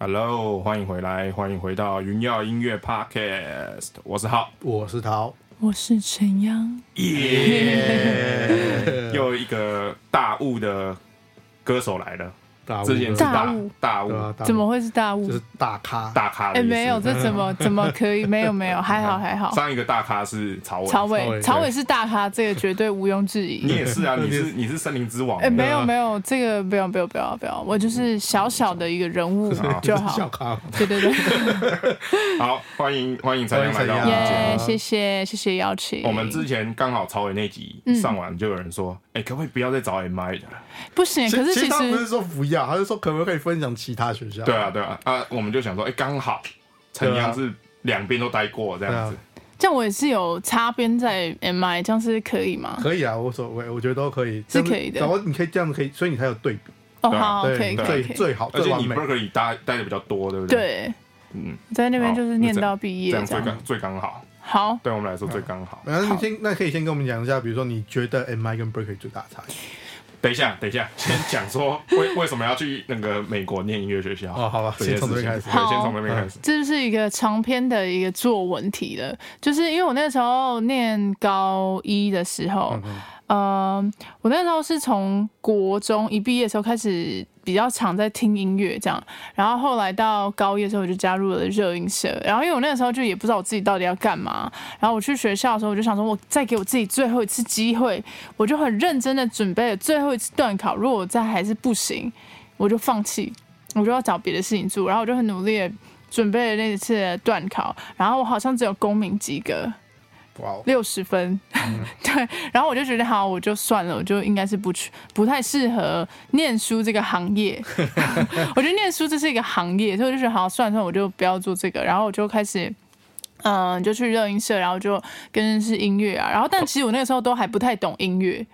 Hello，歡迎回來，歡迎回到雲耀音樂 Podcast。我是浩，我是陶，我是陳央，耶、yeah! 又一個大霧的歌手來了。大物，大物，怎麼會是大物？就是大咖，大咖。哎、欸，沒有，這怎麼、嗯、怎麼可以？沒有，沒有， 還好還好。上一個大咖是曹偉，曹偉，曹偉是大咖，這個絕對毋庸置疑。你也是啊，你是 你是聲林之王。哎、欸，沒有、啊這個、沒有，這個不用不用不要不要，我就是小小的一個人物 好就好。小咖。對對對， 好歡迎歡迎才俊來到，耶、yeah, 啊！謝謝謝謝邀請。我們之前剛好曹偉那集上完，就有人說：“哎、嗯欸，可不可以不要再找 M, -M I 的？”不行，可是其實他就說可不可以分享其他學校？對啊，對啊，啊，我們就想說，哎、欸，剛好陳央是兩邊都待過這樣子、啊，這樣我也是有插邊在 MI，這樣是，是可以嗎？可以啊，無所謂，我覺得都可以，是可以的。然後，你可以這樣子可以，所以你才有對比。哦、啊，好，好可以對對可以，對，最好最好，而且你 Berklee 待待的比較多，對不對？對，嗯，在那邊就是念到畢業這樣最剛，最剛最剛好。好，對我們來說最剛好。好啊、那你先，那可以先跟我們講一下，比如說你覺得 MI 跟 Berklee 最大差異？等一下，等一下，先講說為為什麼要去那個美國念音樂學校。 哦，好吧，先從這邊開始。對，先從那邊開始。這是一個長篇的一個作文題了，就是因為我那時候念高一的時候，嗯、呃、我那時候是從國中一畢業的時候開始。比較常在聽音樂這樣，然後後來到高一的時候，我就加入了熱音社。然後因為我那個時候就也不知道我自己到底要幹嘛，然後我去學校的時候，我就想說，我再給我自己最後一次機會，我就很認真的準備了最後一次段考。如果我再還是不行，我就放棄，我就要找別的事情做。然後我就很努力地準備了那次段考，然後我好像只有公民及格。六十分，Wow.， 對，然後我就覺得好，我就算了，我就應該是不去，不太適合念書這個行業。 我覺得念書這是一個行業，所以我就覺得好，算了算了，我就不要做這個。然後我就開始，嗯、呃，就去熱音社，然後就跟是音樂啊。然後但其實我那個時候都還不太懂音樂，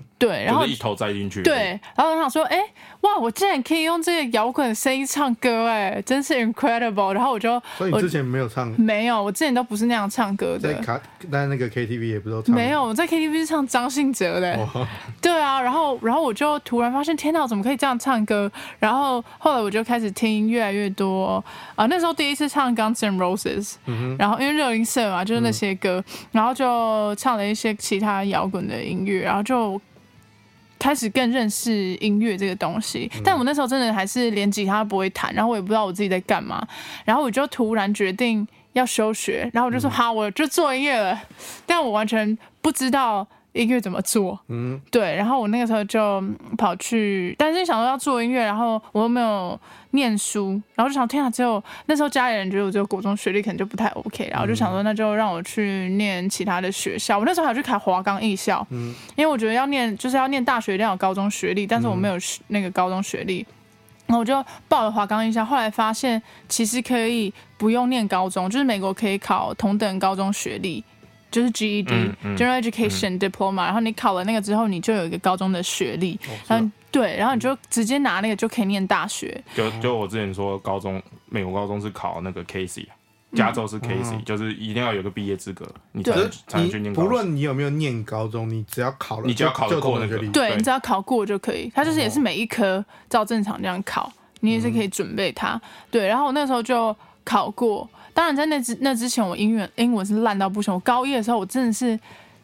對，然後、就是、一頭栽進去。對，然後我想說，哎、欸，哇，我竟然可以用這個搖滾的聲音唱歌，哎，真是 incredible。然後我就，所以你之前沒有唱？沒有，我之前都不是那樣唱歌的，在但那個 K T V 也不都唱。沒有，我在 K T V 是唱張信哲的。Oh. 對啊，然後，然後我就突然發現，天哪，我怎麼可以這樣唱歌？然後後來我就開始聽越來越多啊、呃。那時候第一次唱 Guns N' Roses，然後因為熱音社嘛，就是那些歌，嗯，然後就唱了一些其他搖滾的音樂，然後就。開始更認識音樂這個東西，但我那時候真的還是連吉他都不會彈，然後我也不知道我自己在幹嘛，然後我就突然決定要休學，然後我就說好，我就做音樂了，但我完全不知道。音樂怎麼做？嗯，對。然後我那個時候就跑去，但是想說要做音樂，然後我又沒有念書，然後就想，天啊，只有那時候家裡人覺得我這個國中學歷，可能就不太 OK。然後就想說，那就讓我去念其他的學校。嗯、我那時候還去考華岡藝校，嗯，因為我覺得要念就是要念大學，一定要有高中學歷，但是我沒有那個高中學歷，然、嗯、後我就報了華岡藝校。後來發現其實可以不用念高中，就是美國可以考同等高中學歷。就是 GED、嗯嗯、General Education、嗯、Diploma，然後你考了那個之後，你就有一個高中的學歷。後、哦、對、啊，然後你就直接拿那個就可以念大學。就就我之前說，高中美國高中是考那個 Casey，加州是 Casey、嗯、就是一定要有個畢業資格，你才，才能才能去念高中。不論你有沒有念高中，你只要考了，你只要考過那個，對，你只要考過就可以。他就是也是每一科照正常這樣考，你也是可以準備它。嗯、對，然後我那時候就考過。當然，在那之那之前，我英語英文是爛到不行。我高一的時候，我真的是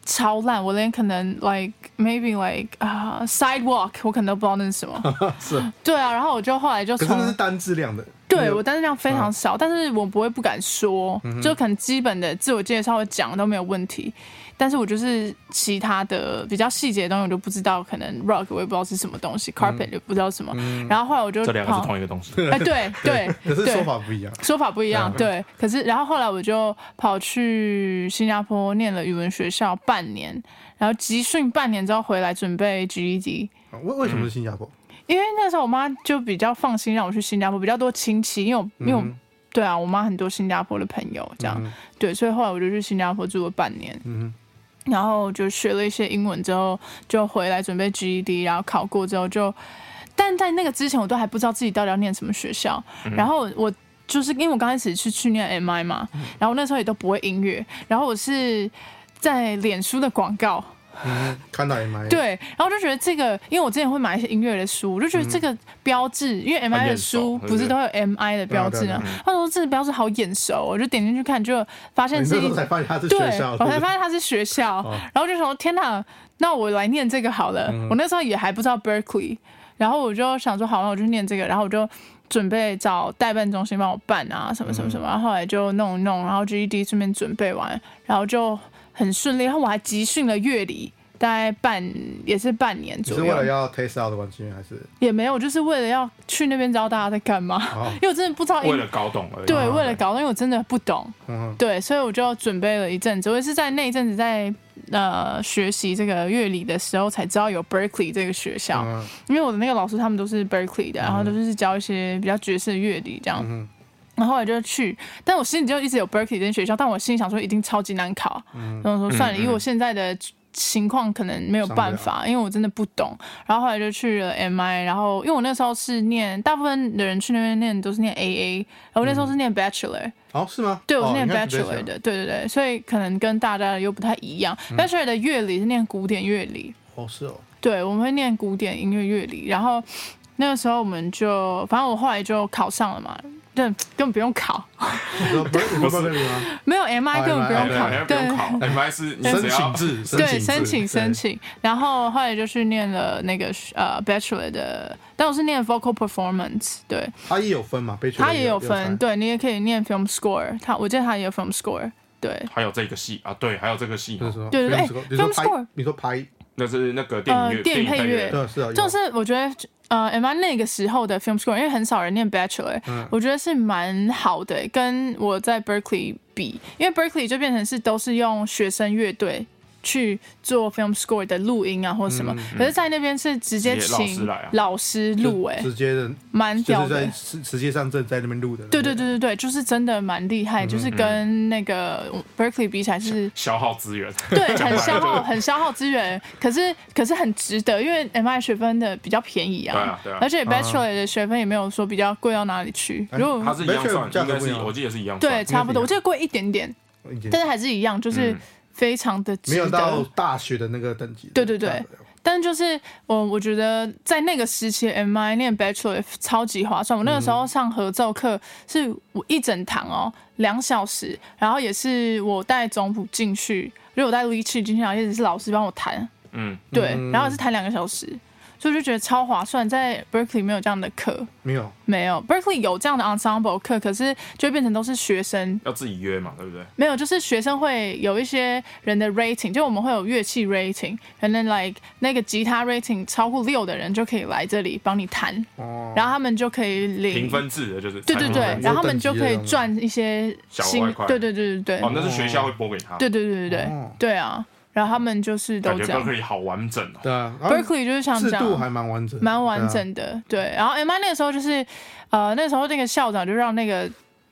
超爛。我連可能 like maybe like、uh, sidewalk，我可能都不知道那是什麼。 是、啊。對啊，然後我就後來就。可是那是單字量的。對，我單字量非常少，嗯、但是我不會不敢說，就可能基本的自我介紹我講都沒有問題。但是我就是其他的比較細節的東西，我就不知道。可能 rock 我也不知道是什麼東西、嗯、，carpet 就不知道什麼、嗯。然後後來我就這兩個是同一個東西。哎、對對對。可是說法不一樣。說法不一樣。嗯、對。可是然後後來我就跑去新加坡念了語文學校半年，然後集訓半年之後回來準備 GED。為為什麼是新加坡、嗯？因為那時候我媽就比較放心讓我去新加坡，比較多親戚，因為我、嗯、因為我。對啊，我媽很多新加坡的朋友這樣、嗯，對，所以後來我就去新加坡住了半年。嗯。然後就學了一些英文，之後就回來準備 GED，然後考過之後就，但在那個之前，我都還不知道自己到底要念什麼學校。嗯、然後我就是因為我剛開始去去念 MI 嘛，然後那時候也都不會音樂，然後我是在臉書的廣告。嗯，看到 MI 對，然後就覺得這個，因為我之前會買一些音樂的書，我就覺得這個標誌、嗯，因為 MI 的書不是都會有 MI 的標誌啊，他說這個標誌好眼熟，我就點進去看，就發現自己、欸、對，對，我才發現他是學校，然後就說天哪，那我來念這個好了、嗯。我那時候也還不知道 Berklee，然後我就想說好，那我就念這個，然後我就準備找代辦中心幫我辦啊，什麼什麼什麼，然後後來就弄一弄，然後 GED 順便準備完，然後就。很順利，然後我還集訓了樂理，大概半也是半年左右。是為了要 taste out 的環境還是？也沒有，就是為了要去那邊知道大家在幹嘛、哦，因為我真的不知道。為了搞懂而已。對，嗯、為了搞懂，因為我真的不懂。嗯、對，所以我就準備了一陣子，我也是在那一陣子在呃學習這個樂理的時候，才知道有 Berkeley 這個學校、嗯，因為我的那個老師他們都是 Berkeley 的，然後都是教一些比較爵士的樂理這樣。嗯然後我就去，但我心裡就一直有 Berklee 這間學校，但我心裡想說一定超級難考，嗯、然後說算了，嗯嗯，因為我現在的情況可能沒有辦法，因為我真的不懂。然後後來就去了 MI，然後因為我那時候是念，大部分的人去那邊念都是念 AA，嗯、然後我那時候是念 Bachelor，哦是嗎？對、哦、我是念 Bachelor 的是，對對對，所以可能跟大家又不太一樣。嗯、Bachelor 的樂理是念古典樂理，哦是哦，對，我們會念古典音樂樂理，然後那個時候我們就，反正我後來就考上了嘛。對，根本不用考。 是不是不沒有 MI、oh, 根本不用考，MIR. 對，對，對，對，MI 是申請制，對，申請申請，申請。然後後來就去念了那個呃，Bachelor 的，但我是念 Vocal Performance，對。他也有分嘛？也分，他也有分，有，對你也可以念 Film Score，他我記得他也有 Film Score，對。還有這個系啊？對，還有這個系。對對對，Film Score，你說拍，那是那個電影、呃、電影配樂、啊，就是我覺得。呃、uh, MI 那個時候的 film score 因為很少人念 bachelor，嗯、我覺得是蠻好的，跟我在 Berklee 比，因為 Berklee 就變成是都是用學生樂隊去做 film score 的錄音啊，或者什麼，嗯、可是，在那邊是直接請老師錄，哎，直接的，蠻屌的就是在實際上正在那邊錄的。對對對對，對對對對，就是真的蠻厲害、嗯，就是跟那個 Berkeley 比起來是消，消耗資源，對，很消耗，消耗就是、很消耗資源，可是可是很值得，因為 MI 學分的比較便宜啊，啊啊而且 Bachelor 的學分也沒有說比較貴到哪裡去。欸、如果它是一樣算，應該是，一樣算，應該是我記得也是一樣算，對，差不多，我記得貴一點點，但是還是一樣，就是。嗯非常的沒有到大學的那個等級，對對對。但是就是我，我覺得在那個時期，M I 念 Bachelor 超級划算。嗯。我那個時候上合奏課是我一整堂哦，兩小時，然後也是我帶總譜進去，如果帶樂器進去，然後一直是老師幫我彈，嗯，對，然後也是彈兩個小時。所以就覺得超划算，在 Berklee 沒有這樣的課，沒有沒有 Berklee 有這樣的 ensemble 課，可是就會變成都是學生要自己約嘛，對不對？沒有，就是學生會有一些人的 rating，就我們會有樂器 rating，可能 like 那個吉他 rating 超過六的人就可以來這裡幫你彈，哦，然後他們就可以領評分制的就是對對對，嗯，然後他們就可以賺一些小外快對對，對對對對對，哦，那是學校會撥給他，哦，對對對對對，對，對，哦，對啊。然後他們就是都講，Berkeley 好完整哦。對，Berkeley 就是像講，制度還蠻完整，蠻完整的對、啊。對，然後 M I 那個時候就是，呃，那個、時候那個校長就讓那個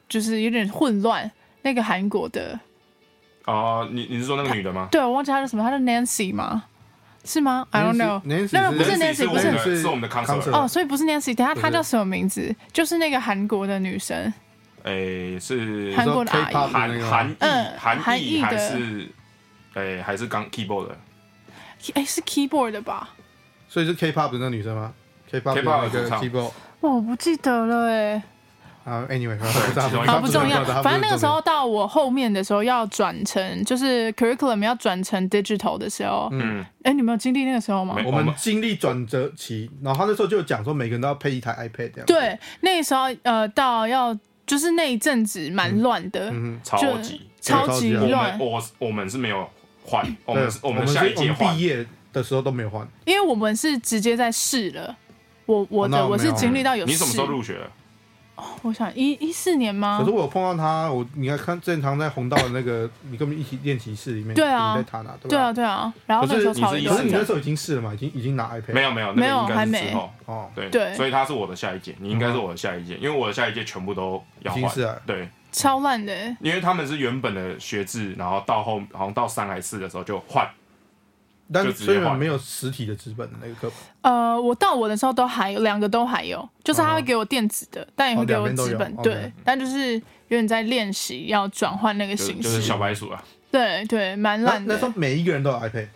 就是有點混亂，那個韓國的。哦、呃，你你是說那個女的嗎、啊？對，我忘記她叫什麼，她叫 Nancy 嗎？是嗎 Nancy？I don't know，那個不是 Nancy，, Nancy 不是 Nancy，不是，Nancy，是我們的 Concert 哦，所以不是 Nancy 等，等下她叫什麼名字？就是那個韓國的女生。誒，是韓國的啊？韓韓裔，韓裔韓裔還韓裔的。哎，還是剛 keyboard 的，哎、欸，是 keyboard 的吧？所以是 K-pop 的那個女生嗎？K-pop 那個唱 我不記得了哎、欸。Anyway，啊不重要，反正那個時候到我後面的時候要轉成，就是 curriculum 要轉成 digital 的時候，嗯，哎、欸，你們有經歷那個時候嗎？我們經歷轉折期，然後他那時候就講說每個人都要配一台 iPad 這樣。對，那個時候呃，到要就是那一陣子蠻亂的，嗯，嗯就超級、欸、超級亂，我們我,我們是沒有。換，我們我們下一屆畢業的時候都沒有換，因為我們是直接在試了。我我的、哦、我，我是經歷到有，你什麼時候入學、哦？我想一一四年嗎？可是我有碰到他，我你看看，正常在紅道的那個， 你跟我們一起練習室裡面、 啊對，你在彈啊，對啊，對啊對啊。然後那時候可是你那時候已經試了嘛？已經已經拿 iPad？沒有沒有沒有、那個、還沒哦，對對，所以他是我的下一屆，你應該是我的下一屆、嗯，因為我的下一屆全部都要換，對。嗯、超爛的、欸，因為他們是原本的學制，然後到後好像到三還是四的時候就換，是，所以換，沒有實體的紙本的那個課本。呃，我到我的時候都還有兩個都還有，就是他會給我電子的，嗯、但也會給我紙本，哦、對、嗯，但就是有點在練習要轉換那個形式，就就是、小白鼠啊，對對，蠻爛的。那時候每一個人都有 iPad，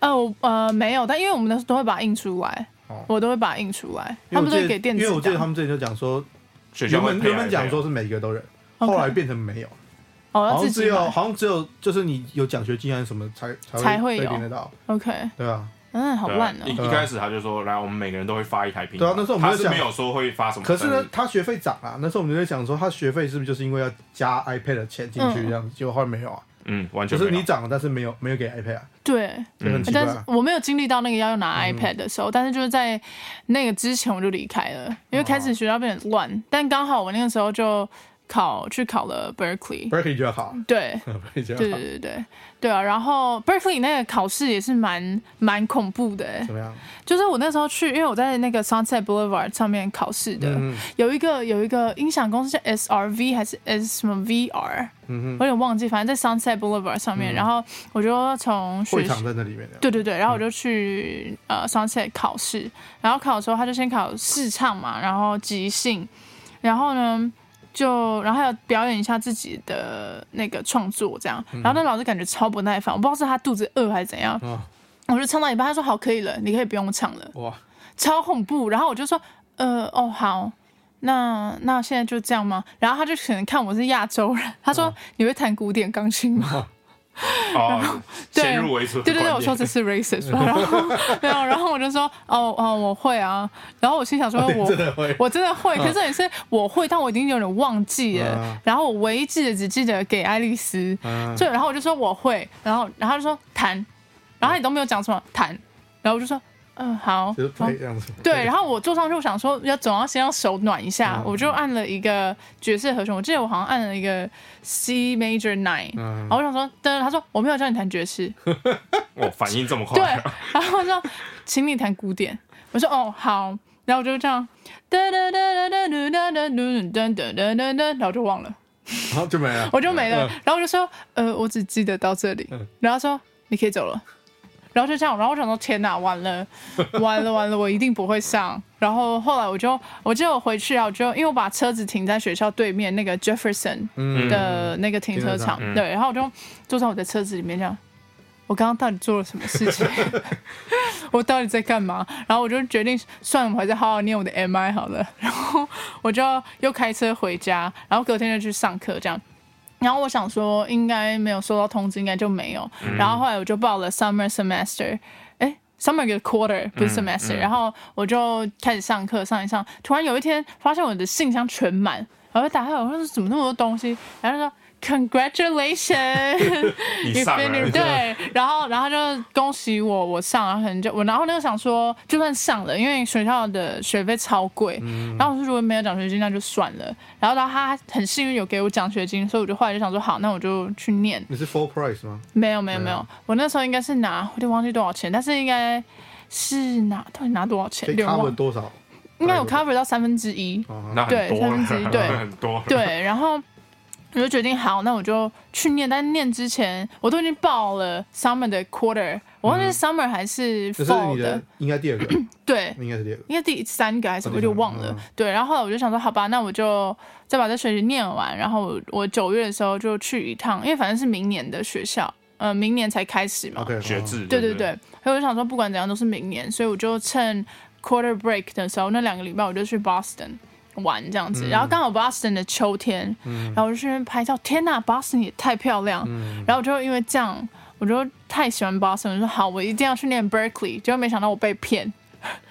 呃，我呃沒有，但因為我們那時候都會把它印出來、哦，我都會把它印出來，他們都會給電子檔。因為我記得他們之前就講說學，原本原本講說是每一個都認。Okay. 後來變成沒有，oh, 好像只有好像只有就是你有獎學金還是什麼才才會，才會有。得到。OK，對啊，嗯，好亂啊。啊一,一開始他就說，來，我們每個人都會發一台平板。對啊，那時候我們就是沒有說會發什麼。是可是呢，他學費漲啊，那時候我們在想說，他學費是不是就是因為要加 iPad 的錢進去這樣子、嗯？結果後來沒有啊，嗯，完全沒有就是你漲了，但是沒有沒有給 iPad 啊。對，嗯啊、但是很奇怪。我沒有經歷到那個要用拿 iPad 的時候、嗯，但是就是在那個之前我就離開了、嗯，因為開始學校變得很亂、嗯啊，但剛好我那個時候就。考去考了 Berklee，Berklee 就好。對 ，Berklee 就好。對對對對對啊！然後 Berklee 那個考試也是蠻蠻恐怖的、欸。怎麼樣？就是我那時候去，因為我在那個 Sunset Boulevard 上面考試的，嗯、有一個有一個音響公司是 SRV 還是 S 什麼 VR？、嗯、我有點忘記，反正在 Sunset Boulevard 上面。嗯、然後我就從會場在那裡面對對對，然後我就去、嗯、呃 Sunset 考試，然後考的時候他就先考視唱嘛，然後即興，然後呢？就然後還要表演一下自己的那個創作這樣，然後那老師感覺超不耐煩，我不知道是他肚子餓還是怎樣，嗯、我就唱到一半，他說好可以了，你可以不用唱了，哇，超恐怖。然後我就說，呃，哦好，那那現在就這樣嗎？然後他就可能看我是亞洲人，他說、嗯、你會彈古典鋼琴嗎？嗯嗯哦， 對，對對對，我說這是 racist， 然後，然後我就說，哦哦，我會啊，然後我心想說我，我、哦、我真的會，嗯、可是這也是我會，但我已經有點忘記了、嗯，然後我唯一記得只記得給愛麗絲，就、嗯、然後我就說我會，然後然後就說彈，然後你都沒有講什麼彈，然後我就說。嗯好這樣子，好。對，然後我坐上去我想說，要總要先讓手暖一下、欸，我就按了一個爵士和弦。我記得我好像按了一個 C major nine，、嗯、然後我想說，噔，他說我沒有教你彈爵士。我、 哦、反應這麼快、啊？對。然後他說，請你彈古典。我說，哦，好。然後我就這樣，噔噔噔噔噔噔噔噔噔噔噔，然後就忘了，然、啊、後就沒了。 我就沒了、嗯。然後我就說，呃，我只記得到這裡。嗯、然後他說，你可以走了。然後就這樣，然後我想說，天哪，完了，完了，完了，我一定不會上。 然後後來我就，我記得我回去啊，我就因為我把車子停在學校對面那個 Jefferson 的那個停車場、嗯嗯，對，然後我就坐在我的車子裡面，這樣， 我剛剛到底做了什麼事情？ 我到底在幹嘛？然後我就決定，算了，我還是好好念我的 MI 好了。然後我就又開車回家，然後隔天就去上課，這樣。然後我想說，應該沒有收到通知，應該就沒有。嗯、然後後來我就報了 summer semester，哎，summer good quarter 不是 semester，嗯嗯。然後我就開始上課，上一上，突然有一天發現我的信箱全滿，然後打開，我說怎麼那麼多東西？然後他說。Congratulations! 你上了 對，然後然後就恭喜我，我上了很久。我然後就想說，就算上了，因為學校的學費超貴、嗯。然後我說，如果沒有獎學金，那就算了。然後然後他很幸運有給我獎學金，所以我就後來就想說，好，那我就去念。你是 full price 嗎？沒有沒有沒有、啊，我那時候應該是拿，我得忘記多少錢，但是應該是拿到底拿多少錢 cover 多少？應該有 cover 到三分之一。對，三分之一對， 很多對，然後。我就決定好，那我就去念。但念之前，我都已經報了 summer 的 quarter、嗯。我忘記 summer 還是 fall 的，應該第二個。 對，應該是第二個，應該第三個還是？我就忘了、嗯。對，然後後來我就想說，好吧，那我就再把這學期念完，然後我九月的時候就去一趟，因為反正是明年的學校，呃，明年才開始嘛。對，學制。對對對，所以我就想說，不管怎樣都是明年，所以我就趁 quarter break 的時候，那兩個禮拜我就去 Boston。玩這樣子，然後剛好 Boston 的秋天，嗯、然後我就去那邊拍照。天吶，Boston 也太漂亮，嗯！然後我就因為這樣，我就太喜歡 Boston，我就說好，我一定要去念 Berklee。結果沒想到我被騙，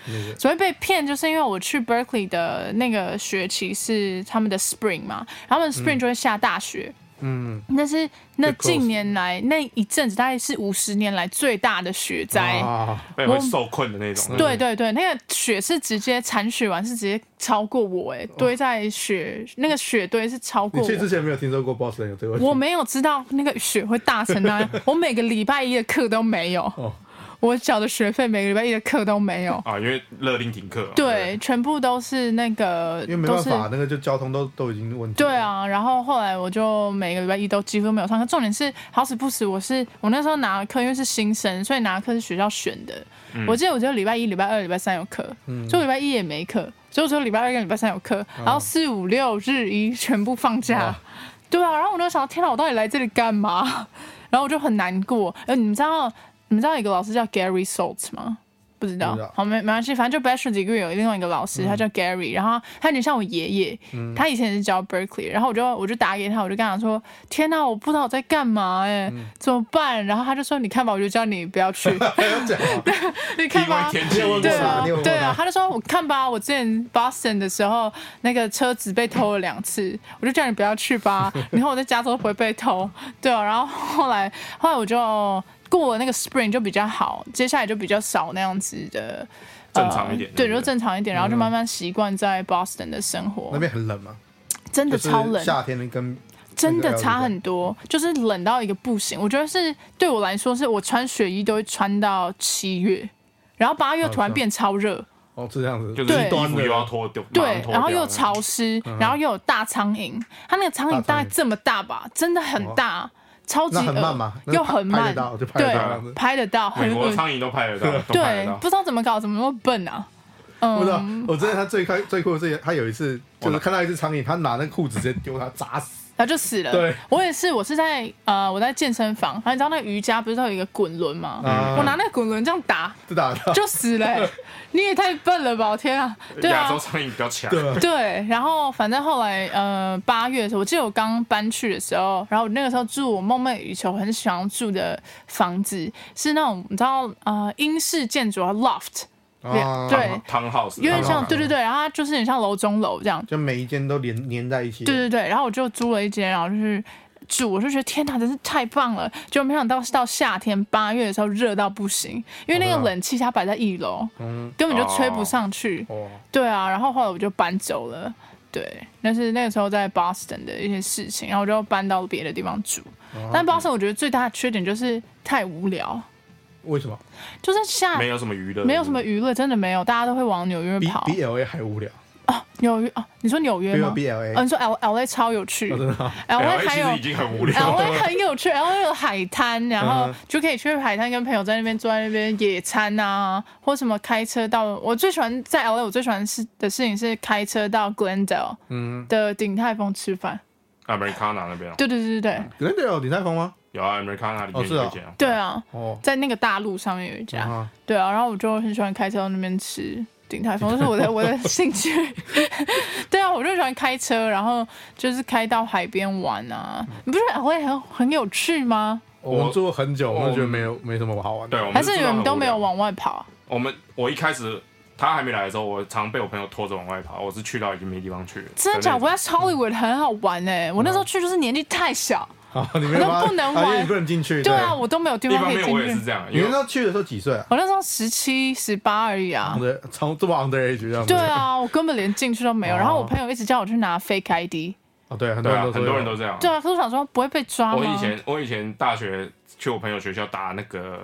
嗯、 所謂被騙，就是因為我去 Berklee 的那個學期是他們的 Spring 嘛，然後他們 Spring 就會下大雪。嗯嗯，那是那近年來那一陣子，大概是五十年來最大的雪災、啊，我會受困的那種。對對對，那個雪是直接剷雪完是直接超過我哎、哦，堆在雪那個雪堆是超過我。你去之前沒有聽說過 Boston 有這個？我沒有知道那個雪會大成那樣， 我每個禮拜一的課都沒有。哦我繳的學費，每個禮拜一的課都沒有啊，因為勒令停課、啊。對，全部都是那個，因為沒辦法、啊，那個就交通都都已經問題。對啊，然後後來我就每個禮拜一都幾乎都沒有上課，重點是好死不死我是我那時候拿了課，因為是新生，所以拿了課是學校選的。嗯、我記得我只有禮拜一、禮拜二、禮拜三有課，就、嗯、禮拜一也沒課，所以只有禮拜二跟禮拜三有課、嗯，然後四五六日一全部放假、嗯，對啊，然後我就想，天哪、啊，我到底來這裡幹嘛？ 然後我就很難過。哎、呃，你知道。你知道有一個老師叫 Gary Salt 嗎？不知道。知道好，沒沒關係，反正就 Bachelor Degree 有另外一個老師，嗯、他叫 Gary，然後他有點像我爺爺、嗯。他以前是教 Berklee，然後我就我就打給他，我就跟他說：“天哪，我不知道我在幹嘛哎、欸嗯，怎麼辦？”然後他就說：“你看吧，我就叫你不要去。 嗯” 你看吧。對啊，對啊，他就說：“我看吧，我之前 Boston 的時候，那個車子被偷了兩次，我就叫你不要去吧。你 看我在加州不會被偷。”對哦、啊，然後後來後來我就。過了那個 spring 就比較好，接下來就比較少那樣子的，正常一點、呃，對，就正常一點，嗯、然後就慢慢習慣在 Boston 的生活。那邊很冷嗎？真的超冷，就是、夏天跟真的差很多、嗯，就是冷到一個不行。我覺得是對我來說是，是我穿雪衣都會穿到七月，然後八月突然變超熱。哦，是哦這樣子，對，就是衣服又要脫掉，對，然後又潮濕，然後又有大蒼蠅。它、嗯、那個蒼蠅大概這麼大吧，大真的很大。哦超級、呃、那很慢嘛，又很慢，就拍拍慢就拍得到。對，拍得到。很多蒼蠅都拍，都拍得到。對，不知道怎麼搞，怎麼那麼笨啊？嗯，我真的他最開最酷的是，他有一次就是看到一隻蒼蠅，他拿那個褲子直接丟他砸死。然後就死了。對，我也是。我是在呃，我在健身房。然、啊、後你知道那瑜伽不是都有一個滾輪嗎？嗯。我拿那個滾輪這樣打，嗯、就死了。 你也太笨了吧！我天啊，亞、啊、洲蒼蠅比較強。對， 對，然後反正後來呃，八月的時候，我記得我剛搬去的時候，然後我那個時候住我夢寐以求、很喜歡住的房子，是那種你知道呃英式建築，loft。Oh, 對，townhouse，因、啊、為像，對對對，然後就是很像樓中樓這樣，就每一間都連連在一起。對對對，然後我就租了一間，然後就是住，我就覺得天吶，真是太棒了。就沒想到是到夏天八月的時候熱到不行，因為那個冷氣它擺在一、e、樓，嗯、啊，根本就吹不上去、嗯啊哦。對啊，然後後來我就搬走了。對，那是那個時候在 Boston 的一些事情，然後我就搬到別的地方住、啊。但 Boston 我覺得最大的缺點就是太無聊。為什麼？就是像，沒有什麼娛樂，沒有什麼娛樂，真的沒有，大家都會往紐約跑。比，比 L A 還無聊哦，紐、啊啊、約比比哦，你說紐約嗎？沒有 B L A。你說 L A 超有趣、哦、，L A 還有已經很無聊了。L A 很有趣，L A 有海灘，然後就可以去海灘跟朋友在那邊坐在那邊野餐啊，或什麼開車到。我最喜歡在 L A，我最喜歡的事情是開車到 Glendale 的鼎泰豐吃飯。啊，不是，Americana 那邊。對對對對對。Glendale 鼎泰豐嗎？有啊，American，那邊有一家，對啊、喔，在那個大陸上面有一家，對啊，然後我就很喜歡開車到那邊吃鼎泰豐，那、嗯、是我的我的興趣， 對啊，我就喜歡開車，然後就是開到海邊玩啊，嗯、你不是會很很有趣嗎？我們坐很久，我們覺得沒有沒什麼好玩對，我們是還是你們都沒有往外跑？我們我一開始他還沒來的時候，我常被我朋友拖着往外跑，我是去到已經沒地方去了。真的假的？我在 Hollywood 很好玩哎、欸嗯，我那時候去就是年紀太小。啊！ 你們不能不能玩，不能進去。對啊對，我都沒有地方可以進去。是這樣，你們那時候去的時候幾歲啊？我那時候十七、十八而已啊。對，從這麼的對啊，我根本連進去都沒有、哦。然後我朋友一直叫我去拿 fake ID。哦、啊，對，對啊，很多人都這樣。對啊，都想說不會被抓。我以前我以前大學去我朋友學校打那個。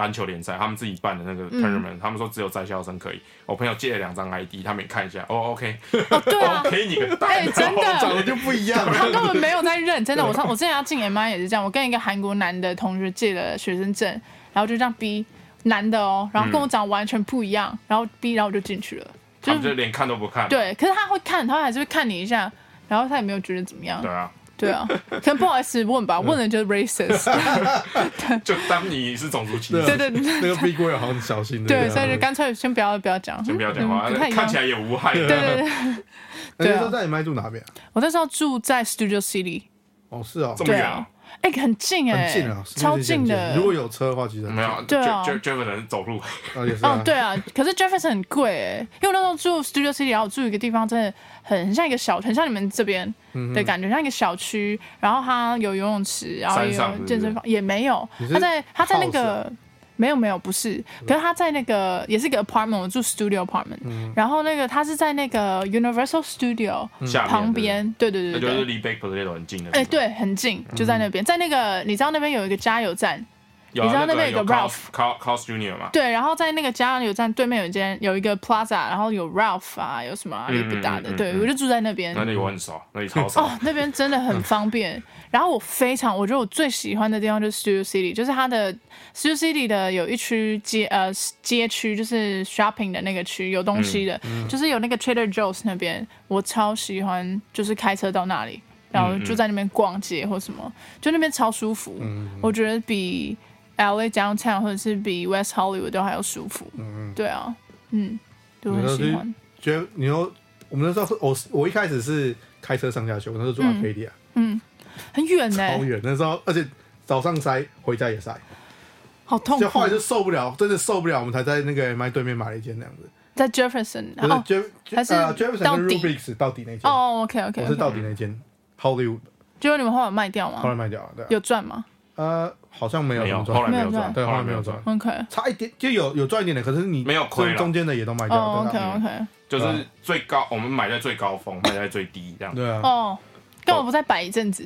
籃球聯賽，他們自己辦的那個 tournament 他們說只有在校生可以。我朋友借了兩張 ID，他們也看一下，oh, okay. 哦、啊、，OK，OK，、okay, 你個蛋，欸、真的長得就不一樣，他根本沒有在認，真的。我上，我之前要進 MI 也是這樣，我跟一個韓國男的同學借了學生證，然後就這樣逼男的哦、喔，然後跟我長完全不一樣，嗯、然後逼，然後我就進去了，就是、他們就連看都不看。對，可是他會看，他還是會看你一下，然後他也沒有覺得怎麼樣。對啊。對啊，真不好意思問吧，問了就是 racist，就當你是種族歧視。對對，那個碧桂園好像小心。對，所以就乾脆先不要不要講，先不要講話，看起來也無害。對對對。那那時候在你麥住哪邊？我那時候住在 Studio City。哦，是啊，這麼遠。哎，很近哎，很近啊，超近的。如果有車的話，其實沒有。對啊。Jefferson 走路是哦，對啊，可是 Jefferson 很貴，因為我那時候住 Studio City，然後我住一個地方真的。很像一個小，很像你們這邊的感覺、嗯，像一個小區。然後它有游泳池，然後也有健身房，是是也沒有。他在他在那個、啊、沒有沒有不是，是可是他在那個也是一個 apartment，我住 studio apartment、嗯。然後那個他是在那個 Universal Studio 旁邊、嗯，對對對對，感覺就是離 Backstreet 很近的。哎、欸，對，很近，就在那邊、嗯，在那個你知道那邊有一個加油站。啊、你知道那邊有個 Ralph、Carl's Junior 嗎？對，然後在那個加油站對面有一間有一個 Plaza，然後有 Ralph 啊，有什麼阿、啊、不達的，嗯嗯嗯、對我就住在那邊。那裡我很熟，那裡超熟。 哦，那邊真的很方便。然後我非常，我覺得我最喜歡的地方就是 Studio City，就是它的 Studio City 的有一區街呃街區，就是 shopping 的那個區，有東西的、嗯嗯，就是有那個 Trader Joe's 那邊，我超喜歡，就是開車到那裡，然後就在那邊逛街或什麼，就那邊超舒服、嗯嗯，我覺得比。L A downtown 或者是比 West Hollywood 都還要舒服。嗯，對啊，對嗯，都很喜歡。覺你說我們那時候，我我一開始是開車上下學，我那時候住在 Arcadia，嗯，很遠呢、欸，好遠。那時候，而且早上塞，回家也塞，好痛。後來就受不了，真的受不了，我們才在那個 M I 對面買了一間那樣子，在 Jefferson，不是 j e、哦呃、還是到底,、uh, Rubriks, 到底那間？哦哦，OK OK，, okay, okay. 是到底那間。Hollywood，結果你們後來賣掉嗎？後來賣掉了，對啊、有賺嗎？呃，好像沒有，沒有，後來沒有賺，對，後來沒有賺。OK, okay.，差一點就有有賺一點的，可是你沒有虧，中間的也都賣掉了 O K O K，就是最高，我們買在最高峰，賣在最低這樣。對啊。哦，幹嘛不再擺一陣子，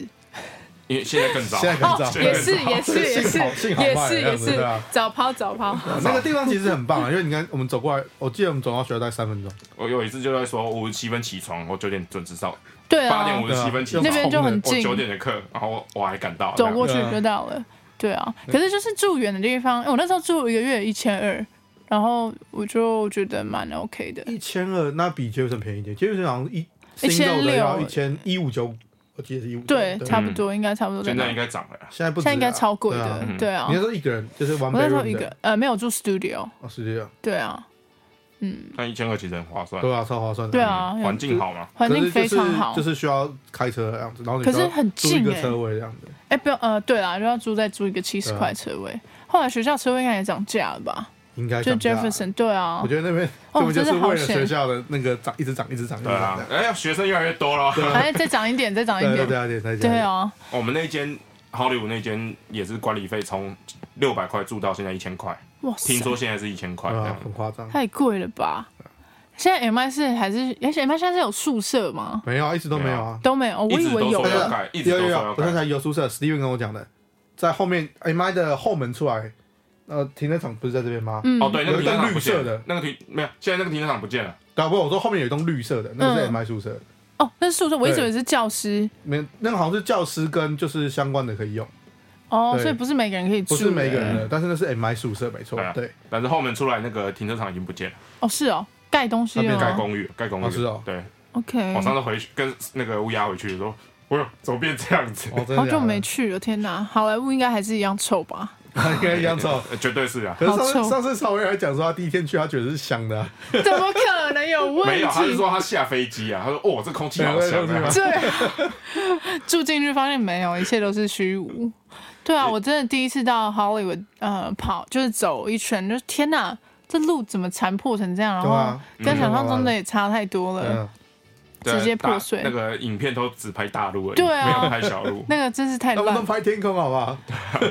因為現在更早， 現在更早 oh, 現在更早，也是也是 也是，也是也是，早拋早拋。 那個地方其實很棒啊，因為你看我們走過來， 我記得我們走到學校大概三分鐘。我有一次就在說，五十七分起床，我九點準時到。對啊，對啊那邊就很近。九點的課，然後我還趕到，走過去就到了。對啊，對啊對啊對，可是就是住遠的地方，我那時候住一個月一千二，1200, 然後我就覺得蠻 OK 的。一千二那比杰士森便宜一點，杰士森好像一，一千六，一千一五九，159, 我記得一五九。對，差不多，應該差不多現不。現在應該漲了呀，現在不，現在應該超貴的，對啊。你那時候一個人就是玩，我那時候一個,人、就是、候一個呃沒有住 studio，啊 studio，、哦、對啊。嗯，那一千塊其實很划算。對啊，超划算的。對、嗯、啊，環境好嘛？環境非常好是、就是。就是需要開車這樣子，然後可是很近哎、欸。車位這樣子，哎、欸，不要，呃，對啦，就要租再租一個七十塊車位、啊。後來學校車位應該也漲價了吧？應該就 Jefferson，對啊。我覺得那邊哦，真、啊、是為了學校的那個漲，一直漲，一直漲。對啊，哎、欸，學生越來越多了。反、啊 啊、再漲一點，再漲一點， 對啊，對啊，對啊。對哦，我們那間 Hollywood 那間也是管理費從六百塊住到現在一千塊。聽說現在是一千塊，很誇張，太貴了吧？現在 M I 是還是，而且 M I 現在是有宿舍嗎？沒有，一直都沒有啊，沒有啊，都沒有。我以為有，有有有，我剛才有宿舍。Steven 跟我講的，在後面 M I 的後門出來，呃，停車場不是在這邊嗎、嗯？哦，對，那個、有一棟綠色的，那個停沒有？現在那個停車場不見了。搞不好我說後面有一棟綠色的，那個、是 M I 宿舍，嗯。哦，那是宿舍，我一直以為是教師。沒，那個好像是教師跟就是相關的可以用。哦、oh，所以不是每個人可以住，不是每個人的， 但是那是 MI 宿舍沒錯。對，但是後門出來那個停車場已經不見了。哦，是哦、喔，蓋東西那邊蓋公寓，蓋公寓，那個，哦、oh, 喔、對，OK，喔。我上次回去跟那個烏鴉回去的時候，我、呃、怎麼變這樣子，哦的的？好久沒去了，天哪！好萊塢應該還是一樣臭吧？還 是一樣臭、 欸，絕對是啊。可是上次上次曹威還講說他第一天去，他覺得是香的，啊。 怎麼可能有問題？沒有，他是說他下飛機啊，他說哦，這空氣好香，對，對就是、對 住進去發現沒有，一切都是虛無。對啊，我真的第一次到 Hollywood，呃，跑就是走一圈，就是天哪，這路怎麼殘破成這樣？然後跟想象中的也差太多了，啊、直接破碎。那個影片都只拍大路而已，對啊，沒有拍小路。那個真是太棒。他們都拍天空好不好？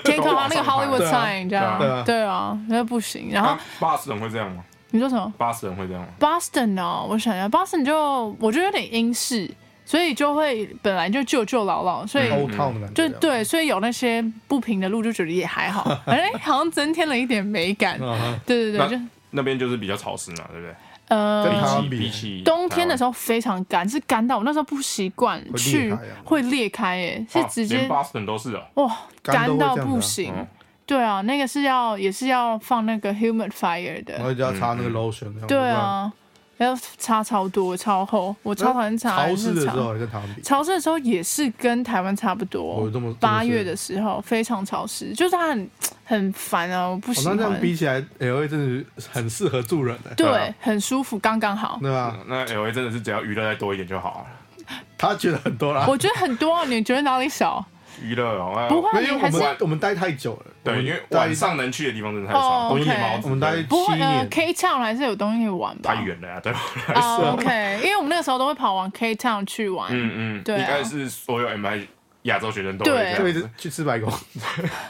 天空啊，那個 Hollywood sign，這樣，對啊，那不行。然後、啊、Boston 會這樣嗎？你說什麼？Boston 會這樣嗎？Boston、哦、我想一下，Boston 就我覺得有點英式。所以就會本來就舅舅姥姥，所以，嗯，就、嗯就嗯，對，所以有那些不平的路就覺得也還好，哎， 欸，好像增添了一點美感。 對對對，那就那邊就是比較潮濕嘛，對不對？呃，比起比起冬天的時候非常乾，是乾到我那時候不習慣去會裂開耶，欸，是直接，啊，連 Boston 都是，喔，哇，乾到不行，啊嗯。對啊，那個是要也是要放那個 humidifier 的，然後要擦那個 lotion，嗯。對啊。要差超多，超厚，我超討厭潮濕的時候，在台灣潮濕的時候也是跟台灣差不多。八月的時候非常潮濕，就是他很很煩哦、啊，我不行。但這樣比起來，L A 真的很適合住人對，對、啊，很舒服，剛剛好，對吧、啊？那 L A 真的是只要娛樂再多一點就好了。他覺得很多啦。 我覺得很多、啊，你覺得哪裡少？娛樂哦，因為我們我們待太久了對。對，因為晚上能去的地方真的太少。Oh, OK，東我們待七年。呃、Ktown 還是有東西玩吧？太遠了呀、啊，對我來說。Uh, OK， 因為我們那個時候都會跑往 Ktown 去玩。嗯嗯。對、啊。應該是所有 MI 亞洲學生都會去吃白宮，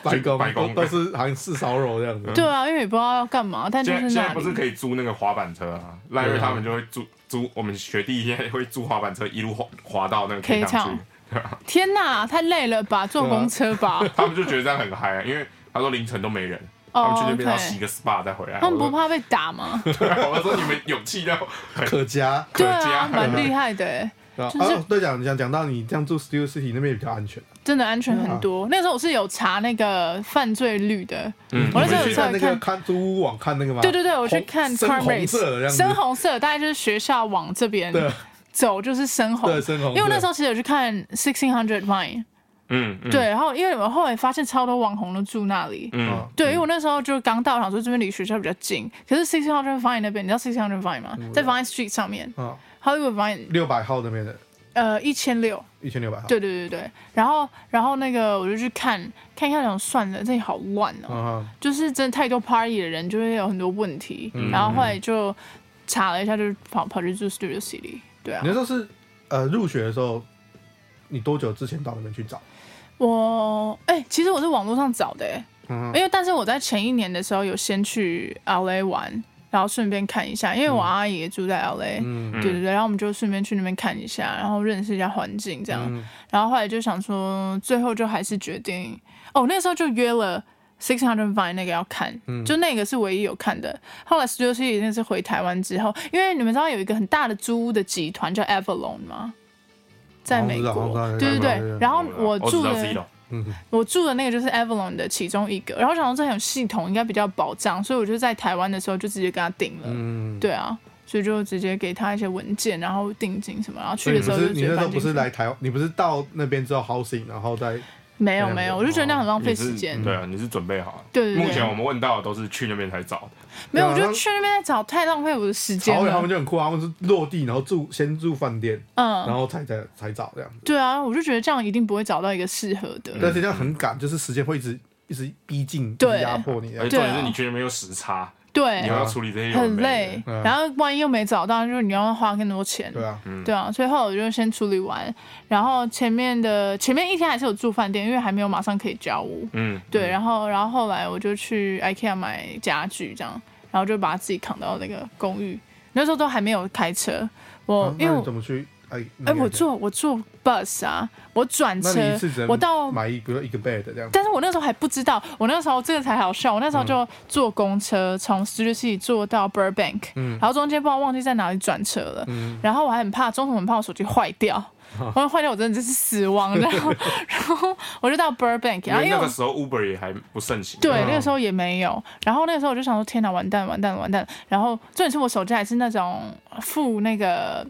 白宮白宮都是好像是燒肉這樣子、嗯。對啊，因為也不知道要幹嘛，但就是。現在不是可以租那個滑板車啊？賴瑞他們就會租租、嗯，我們學弟一些會租滑板車，一路滑滑到那個 Ktown。K -town 天吶、啊，太累了吧，坐公車吧。嗯啊、他們就覺得這樣很嗨，因為他說凌晨都沒人，oh, okay. 他們去那邊洗個 spa 再回來。他們不怕被打嗎？ 對啊、我說你們勇氣要可嘉，可嘉，蠻、啊、厲害的、欸。然後隊長講講到你這樣做，Studio City 那邊比較安全，真的安全很多。嗯啊、那個、時候我是有查那個犯罪率，的，嗯、我那時候有在看、嗯、看租屋網看那個嗎？對，對對對，我去看 crime rate 深紅色，深紅色大概就是學校往這邊，走就是深紅，對深紅。因為那時候其實有去看 Sixteen Hundred Vine，嗯，對。然後因為我後來發現超多網紅都住那裡，嗯，對。嗯、因為我那時候就是剛到，想說這邊離學校比較近。可是 Sixteen Hundred Vine 那邊，你知道 Sixteen Hundred Vine 嗎？嗯、在 Vine Street 上面，還有個 Vine。Line, 六百號那邊的，呃，一千六，一千六百號。對對對對，然後然後那個我就去看看一下，想算了，這裡好亂哦，嗯、就是真的太多 party 的人，就是有很多問題、嗯。然後後來就查了一下，就是跑跑去住 Studio City。對啊，你那時候是，呃，入學的時候，你多久之前到那邊去找？我哎、欸，其實我是網絡上找的、欸，嗯，因為但是我在前一年的時候有先去 LA 玩，然後順便看一下，因為我阿姨也住在 LA，嗯，對對對，然後我們就順便去那邊看一下，然後認識一下環境這樣、嗯，然後後來就想說，最後就還是決定，哦，那時候就約了。Six hundred five 那個要看，嗯，就那個是唯一有看的。後來十六世紀那次回台灣之後，因為你們知道有一個很大的租屋的集團叫 Avalon 嗎？在美國，哦，對對對，哦。然後我住的，哦我，我住的那個就是 Avalon 的其中一個。然後想到這有系統，應該比較保障，所以我就在台灣的時候就直接給他定了，嗯。對啊，所以就直接給他一些文件，然後定金什麼，然後去的時候就覺得你。你那時候不是來台灣？你不是到那邊之後 housing，然後再。沒有沒有，我就覺得那樣很浪費時間。對啊，你是準備好了對，對，對。目前我們問到的都是去那邊才找沒有、啊，我就去那邊再找，太浪費我的時間了。他們就很酷啊，他們是落地，然後住先住飯店，嗯，然後才在才，才，才找這樣。對啊，我就覺得這樣一定不會找到一個適合的。嗯、但是這樣很趕，就是時間會一直一直逼近，對，逼壓迫你對，而且重點是你覺得沒有時差。對啊對，要要很累、嗯。然後萬一又沒找到，就是你要花更多錢。對啊，嗯、對啊。所以後來我就先處理完，然後前面的前面一天還是有住飯店，因為還沒有馬上可以交屋、嗯。嗯，對。然後，然後後來我就去 IKEA 買家具，這樣，然後就把它自己扛到那個公寓。那時候都還沒有開車，我因為、啊、我怎麼去？哎、欸，我坐我坐 bus 啊，我轉車，我到但是我那時候還不知道，我那時候這個才好笑，我那時候就坐公車從 St. Louis 坐到 Burbank，、嗯、然後中間不知道忘記在哪裡轉車了、嗯，然後我還很怕，中途很怕我手機壞掉，、哦、掉，我一壞掉我真的就是死亡了，然後， 然後我就到 Burbank，然後因，為因為那個時候 Uber 也還不盛行，對，那個時候也沒有，然後那個時候我就想說，天哪，完蛋，完蛋，完蛋，然後重點是我手機還是那種付那個。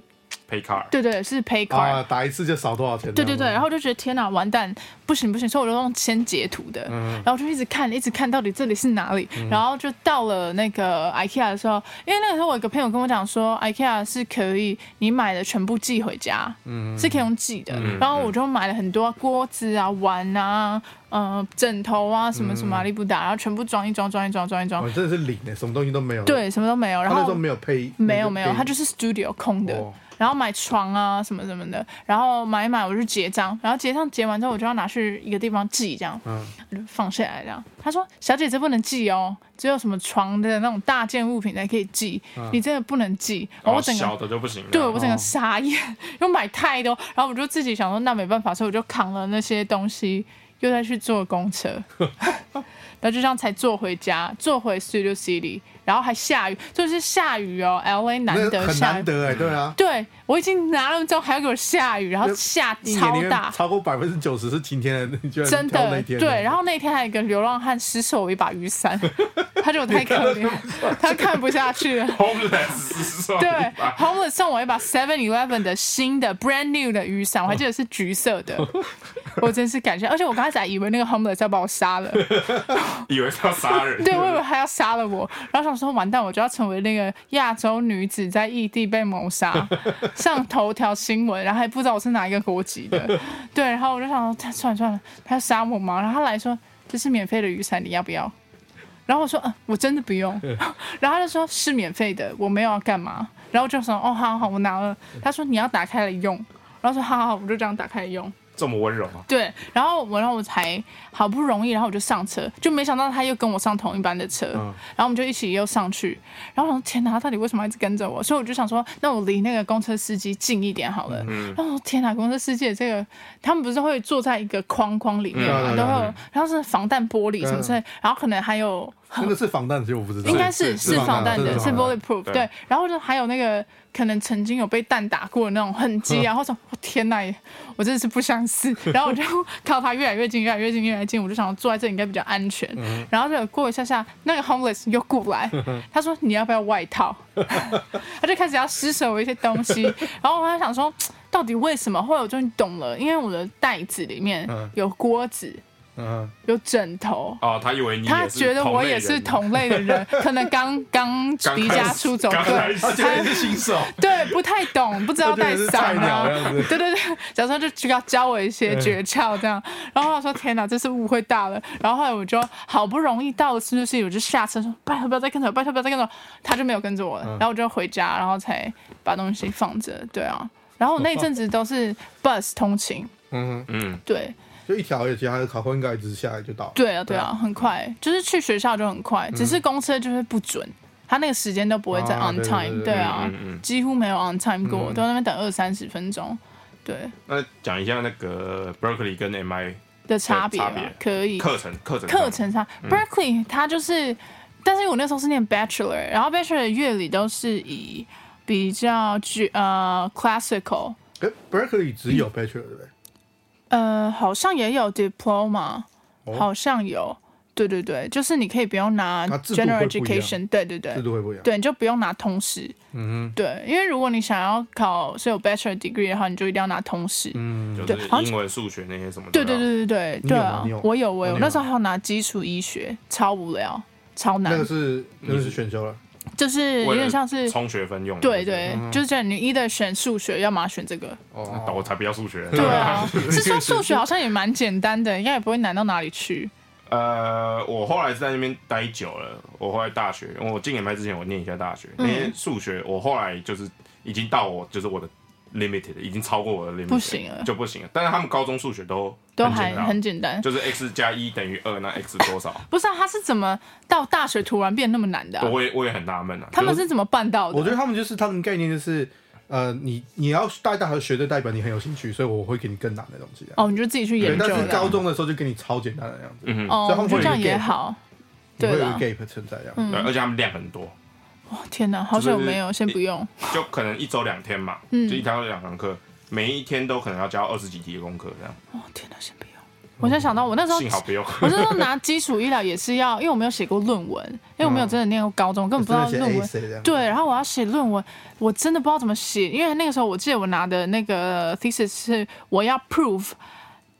Pay card，對對,對是 Pay card，、啊、打一次就少多少錢。對對對，然後就覺得天哪、啊，完蛋，不行不行，所以我都用先截圖的、嗯，然後就一直看，一直看，到底這裡是哪裡、嗯。然後就到了那個 IKEA 的時候，因為那個時候我一個朋友跟我講說，IKEA 是可以你買的全部寄回家，嗯、是可以用寄的、嗯。然後我就買了很多鍋子啊、碗啊、嗯、呃，枕頭啊什麼什麼，阿里不達，然後全部裝一裝，裝一裝，裝一裝，真的是零的，什麼東西都沒有。對，對什麼都沒有。然後他那時候沒有配，沒有沒有，pay. 它就是 studio 空的。哦然後買床啊什麼什麼的，然後買一買我就結賬，然後結賬結完之後我就要拿去一個地方寄這樣，嗯，放下來這樣。他說：“小姐，這不能寄哦，只有什麼床的那種大件物品才可以寄，嗯，你真的不能寄。哦”然，哦，後我整個小的就不行了。對，我整個傻眼，又，哦，買太多，然後我就自己想說那沒辦法，所以我就扛了那些東西，又再去坐公車，呵呵 然後就這樣才坐回家，坐回 Studio City。然後還下雨，就是下雨哦，L A 難得下、欸、雨，對啊，對我已經拿了之後還要給我下雨，然後下超大，超過百分之九十是晴天，天的，真的，對，然後那天還有一個流浪漢施捨我一把雨傘，他就太可憐 他看不下去了 ，homeless，對 ，homeless 送我一把 Seven Eleven 的新的 brand new 的雨傘，我還記得是橘色的， 我真是感謝，而且我剛才，才以為那個 homeless 要把我殺了， 以為是要殺人， 對，我以為他要殺了我，然後說。說完蛋，我就要成為那個亞洲女子在異地被謀殺，上頭條新聞，然後還不知道我是哪一個國籍的。對，然後我就想說，算了算了，他殺我嘛。然後他來說，這是免費的雨傘，你要不要？然後我說、嗯，我真的不用。然後他就說，是免費的，我沒有要幹嘛。然後我就說，哦，好好我拿了。他說，你要打開來用。然後說，好好好，我就這樣打開來用。這麼溫柔嗎、啊？對，然後我，然後我才好不容易，然後我就上車，就沒想到他又跟我上同一班的車，嗯、然後我們就一起又上去，然後我天哪，到底為什麼還一直跟着我？所以我就想說，那我離那個公車司機近一點好了。嗯、然後天哪，公車司機的這個，他們不是會坐在一個框框裡面嘛，嗯啊、都有、嗯、然後是防彈玻璃什麼之類、嗯，然後可能還有。那個是防彈的，我不知道應該，應該是是防彈的，的，的，是 bulletproof 對。對，然後就還有那個可能曾經有被彈打過的那種痕跡啊。然後說：“天哪，我真的是不想死。”然後我就靠它他越來越近，越來越近，越來越近。我就想說坐在這裡應該比較安全、嗯。然後就過一下下，那個 homeless 又過來，他說：“你要不要外套？” 他就開始要施捨我一些東西。然後我還想說，到底為什麼會？後來我就懂了，因為我的袋子裡面有鍋子。嗯嗯，有枕頭哦。他以為你，他覺得我也是同類的人， 可能剛剛離家出走，對，他就也是新手， 對，不太懂，不知道帶傘啊,啊，對對對， 假裝候就就要教我一些訣竅這樣。然後我說天哪，這是誤會大了。然後後來我就好不容易到了宿舍，我就下車說拜托不要再跟着我，拜托不要再跟着我。他就沒有跟着我了、嗯，然後我就回家，然後才把東西放着。對啊，然後那一陣子都是 bus 通勤，嗯嗯，對。就一條而已，其他的考分應該一直下來就到了。對啊，對啊，對啊，很快、嗯，就是去學校就很快，只是公車就是不準，他那個時間都不會在 on time，啊對，對，對，對啊嗯嗯嗯，幾乎沒有 on time 過，嗯嗯都在那邊等二三十分鐘。對。那講一下那個 Berklee 跟 MI 的差別。差別啊、可以。課程課程課程上、嗯、Berklee 他就是，但是因為我那時候是念 Bachelor，然後 Bachelor 的樂理都是以比較具呃 classical。Berklee 只有 Bachelor 對？嗯呃，好像也有 diploma，、哦、好像有，對對對，就是你可以不用拿 general education，、啊、對對對，對，你就不用拿通識，嗯，對，因為如果你想要考是有 bachelor degree 的話，你就一定要拿通識，嗯，對，英文、數學那些什麼，對對對對對對啊，我有我、oh, 有，我那時候還要拿基礎醫學，超無聊，超難，那個是那個是選修了。嗯就是有點像是充學分用，對，對對，嗯、就是這樣。你一的選數學，要麼選這個，哦，我才不要數學，對啊， 是說數學好像也蠻簡單的，應該也不會難到哪裡去。呃，我後來是在那邊待久了，我後來大學，因為我進研派之前我念一下大學，那些數學，我後來就是已經到我就是我的。Limited 已經超過我的 limit，不行了，就不行了。但是他們高中數學都很都很很簡單，就是 X 加一等於二，那 X 多少？ 不是、啊，他是怎麼到大學突然變那麼難的、啊？我也我也很納悶啊，他們是怎麼辦到的？我覺得他們就是他們的概念就是，呃，你你要帶大大學學的代表你很有興趣，所以我會給你更難的東西。哦，你就自己去研究。但是高中的時候就給你超簡單的樣子，嗯，所以他們 gap，這樣也好，不會有 gap 存在呀，嗯，而且他們量很多。天哪，好險我沒有、就是，先不用。就可能一週兩天嘛，嗯，就一堂兩堂課，每一天都可能要交二十幾題的功課這樣。哦，天哪，先不用。我現在想到我那時候，嗯、幸好不用。 我那時候拿基礎醫療也是要，因為我沒有寫過論文、嗯，因為我沒有真的念過高中，我根本不知道論文的。對，然後我要寫論文，我真的不知道怎麼寫，因為那個時候我記得我拿的那個 thesis 是我要 prove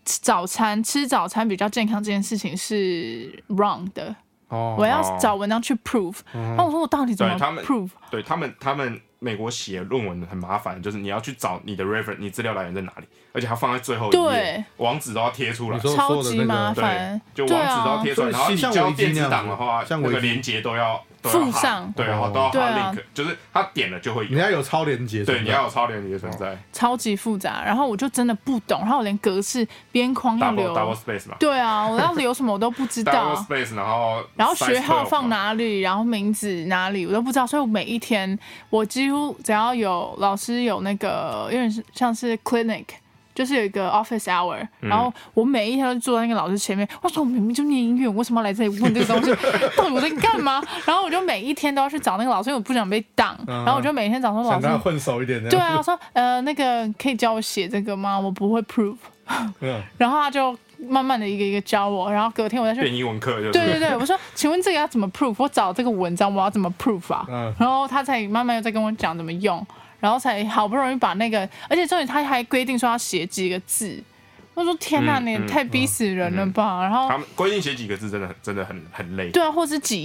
早餐吃早餐比較健康這件事情是 wrong 的。我要找文章去 prove，那我說我到底怎麼 prove？對他們，他們美國寫論文很麻煩，就是你要去找你的 reference，你資料來源在哪裡，而且還放在最後一頁，網址都要貼出來，超級麻煩，就網址都要貼出來、啊，然後你交電子檔的話，那個連接都要。附上對，好、哦、後都要 link、哦、就是他點了就會。你要有超連接，對，你要有超連接存在。超級複雜，然後我就真的不懂，然後我連格式邊框要留 double space 嗎？對啊，我要留什麼我都不知道 double space，然後然後,然後,然後學號放哪裡，然後, 12, 然後名字哪裡我都不知道，所以我每一天我幾乎只要有老師有那個，有點像是 clinic。就是有一個 office hour，然後我每一天都坐在那個老師前面。嗯、我說我明明就念音樂，我為什麼來這裡問這個東西？ 到底我在幹嘛？然後我就每一天都要去找那個老師，因為我不想被擋、嗯。然後我就每天早上老師想他混熟一點。對啊，我說呃那個可以教我寫這個嗎？我不會 proof、嗯。然後他就慢慢的一個一個教我，然後隔天我再去。英文課對對對，我說請問這個要怎麼 proof？我找這個文章我要怎麼 proof 啊？嗯、然後他才慢慢又在跟我講怎麼用。然後才好不容易把那個，而且重點他還規定說要寫幾個字，我說天哪、啊，你、嗯、太逼死人了吧！嗯嗯嗯嗯、然後他們規定寫幾個字真的很，真的，真的很很累。對啊，或是幾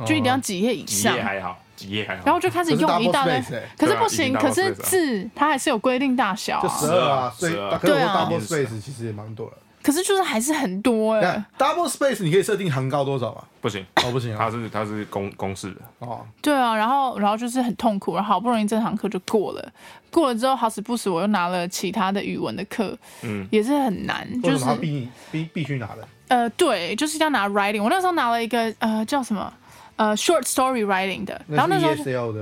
頁，就一定要幾頁以上。幾頁還好，幾頁還好。然後就開始用一大堆，可是不行，啊啊、可是字它還是有規定大小、啊。就十二啊，十二。對啊 double space 其實也蠻多的。可是就是還是很多哎、欸。Double space 你可以設定行高多少嗎？不行，哦不行，它、哦、是它是公公式的哦。對啊，然後然後就是很痛苦，然後好不容易這堂課就過了，過了之後好死不死我又拿了其他的語文的課，嗯，也是很難，就是他必必須拿的。呃，對，就是要拿 writing，我那時候拿了一個呃叫什麼？呃、uh，short story writing 的、的、的，然後那時候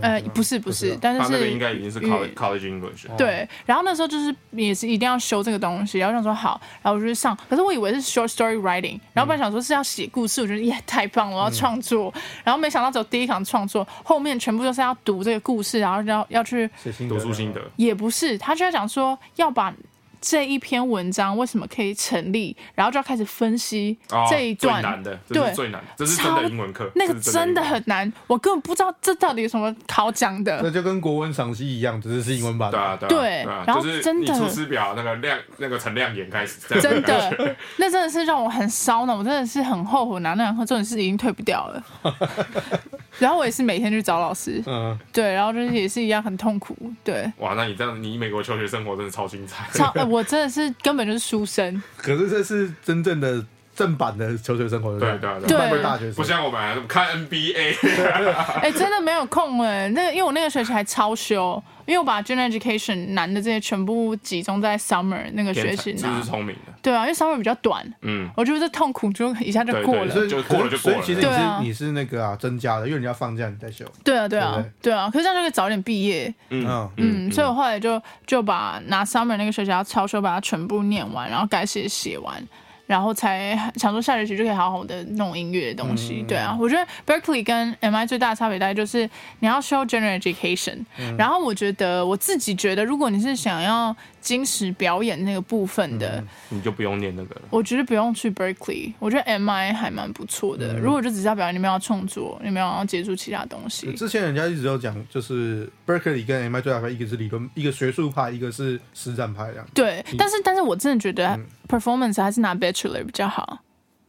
呃，不是不是，就是，但是，是他那個應該已經是 college college English 對，然後那時候就是也是一定要修這個東西，然後想說好，然後我就去上，可是我以為是 short story writing，然後本來想說是要寫故事，我覺得耶太棒了，我要創作，嗯，然後沒想到只有第一堂創作，後面全部就是要讀這個故事，然後要要去讀書心得，也不是，他就在想說要把。這一篇文章為什麼可以成立？然後就要開始分析這一段。哦、最難的，對是最難，是的、那個、的難，這是真的英文課。那個真的很難，我根本不知道這到底有什麼好講的。那就跟國文賞析一樣，只是是英文版的。的對、那個、然後真的《出師表》那個亮，那個陳亮言開始。真的， 那真的是讓我很燒腦。我真的是很後悔拿那兩科，真的是已經退不掉了。 然後我也是每天去找老師，嗯，對，然後就是也是一樣很痛苦。對，哇，那你這樣，你美國求學生活真的超精彩。 我真的是根本就是書生，可是這是真正的正版的求學生活對對，對對對，不是大學生，不像我們看 NBA。哎、 欸，真的沒有空誒，那個因為我那個學期還超修。因為我把 general education 難的這些全部集中在 summer 那個學期，就是聰明的。對啊，因為 summer 比較短，嗯，我覺得這痛苦就一下就過了對對對。所以就過了就過了。其實你是你是那個啊增加的，因為你要放假你在修。對啊對啊對，對，對啊！可是這樣就可以早點畢業。嗯嗯，嗯。所以我後來就就把拿 summer 那個學期超車，把它全部念完，然後改寫寫完。然後才想說，下學期就可以好好的弄音樂的東西。嗯，對啊，我覺得 Berklee 跟 MI 最大的差別大概就是你要 show general education、嗯、然後我覺得我自己覺得如果你是想要。金石表演那個部分的、嗯，你就不用念那個了。我覺得不用去 Berkeley，我覺得 MI 還蠻不錯的、嗯。如果就只是要表演你沒有要創作，嗯、你沒有要接觸其他東西。之前人家一直有講，就是 Berkeley 跟 MI 最大差別一個是理論，一個學術派，一個是實戰派這樣。對，但是但是我真的覺得、嗯、performance 還是拿 Bachelor 比較好。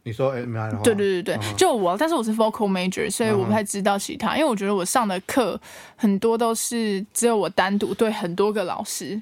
你說 MI 的話？對對對對、啊，就我，但是我是 Vocal Major，所以我不太知道其他。啊、因為我覺得我上的課很多都是只有我單獨對很多個老師。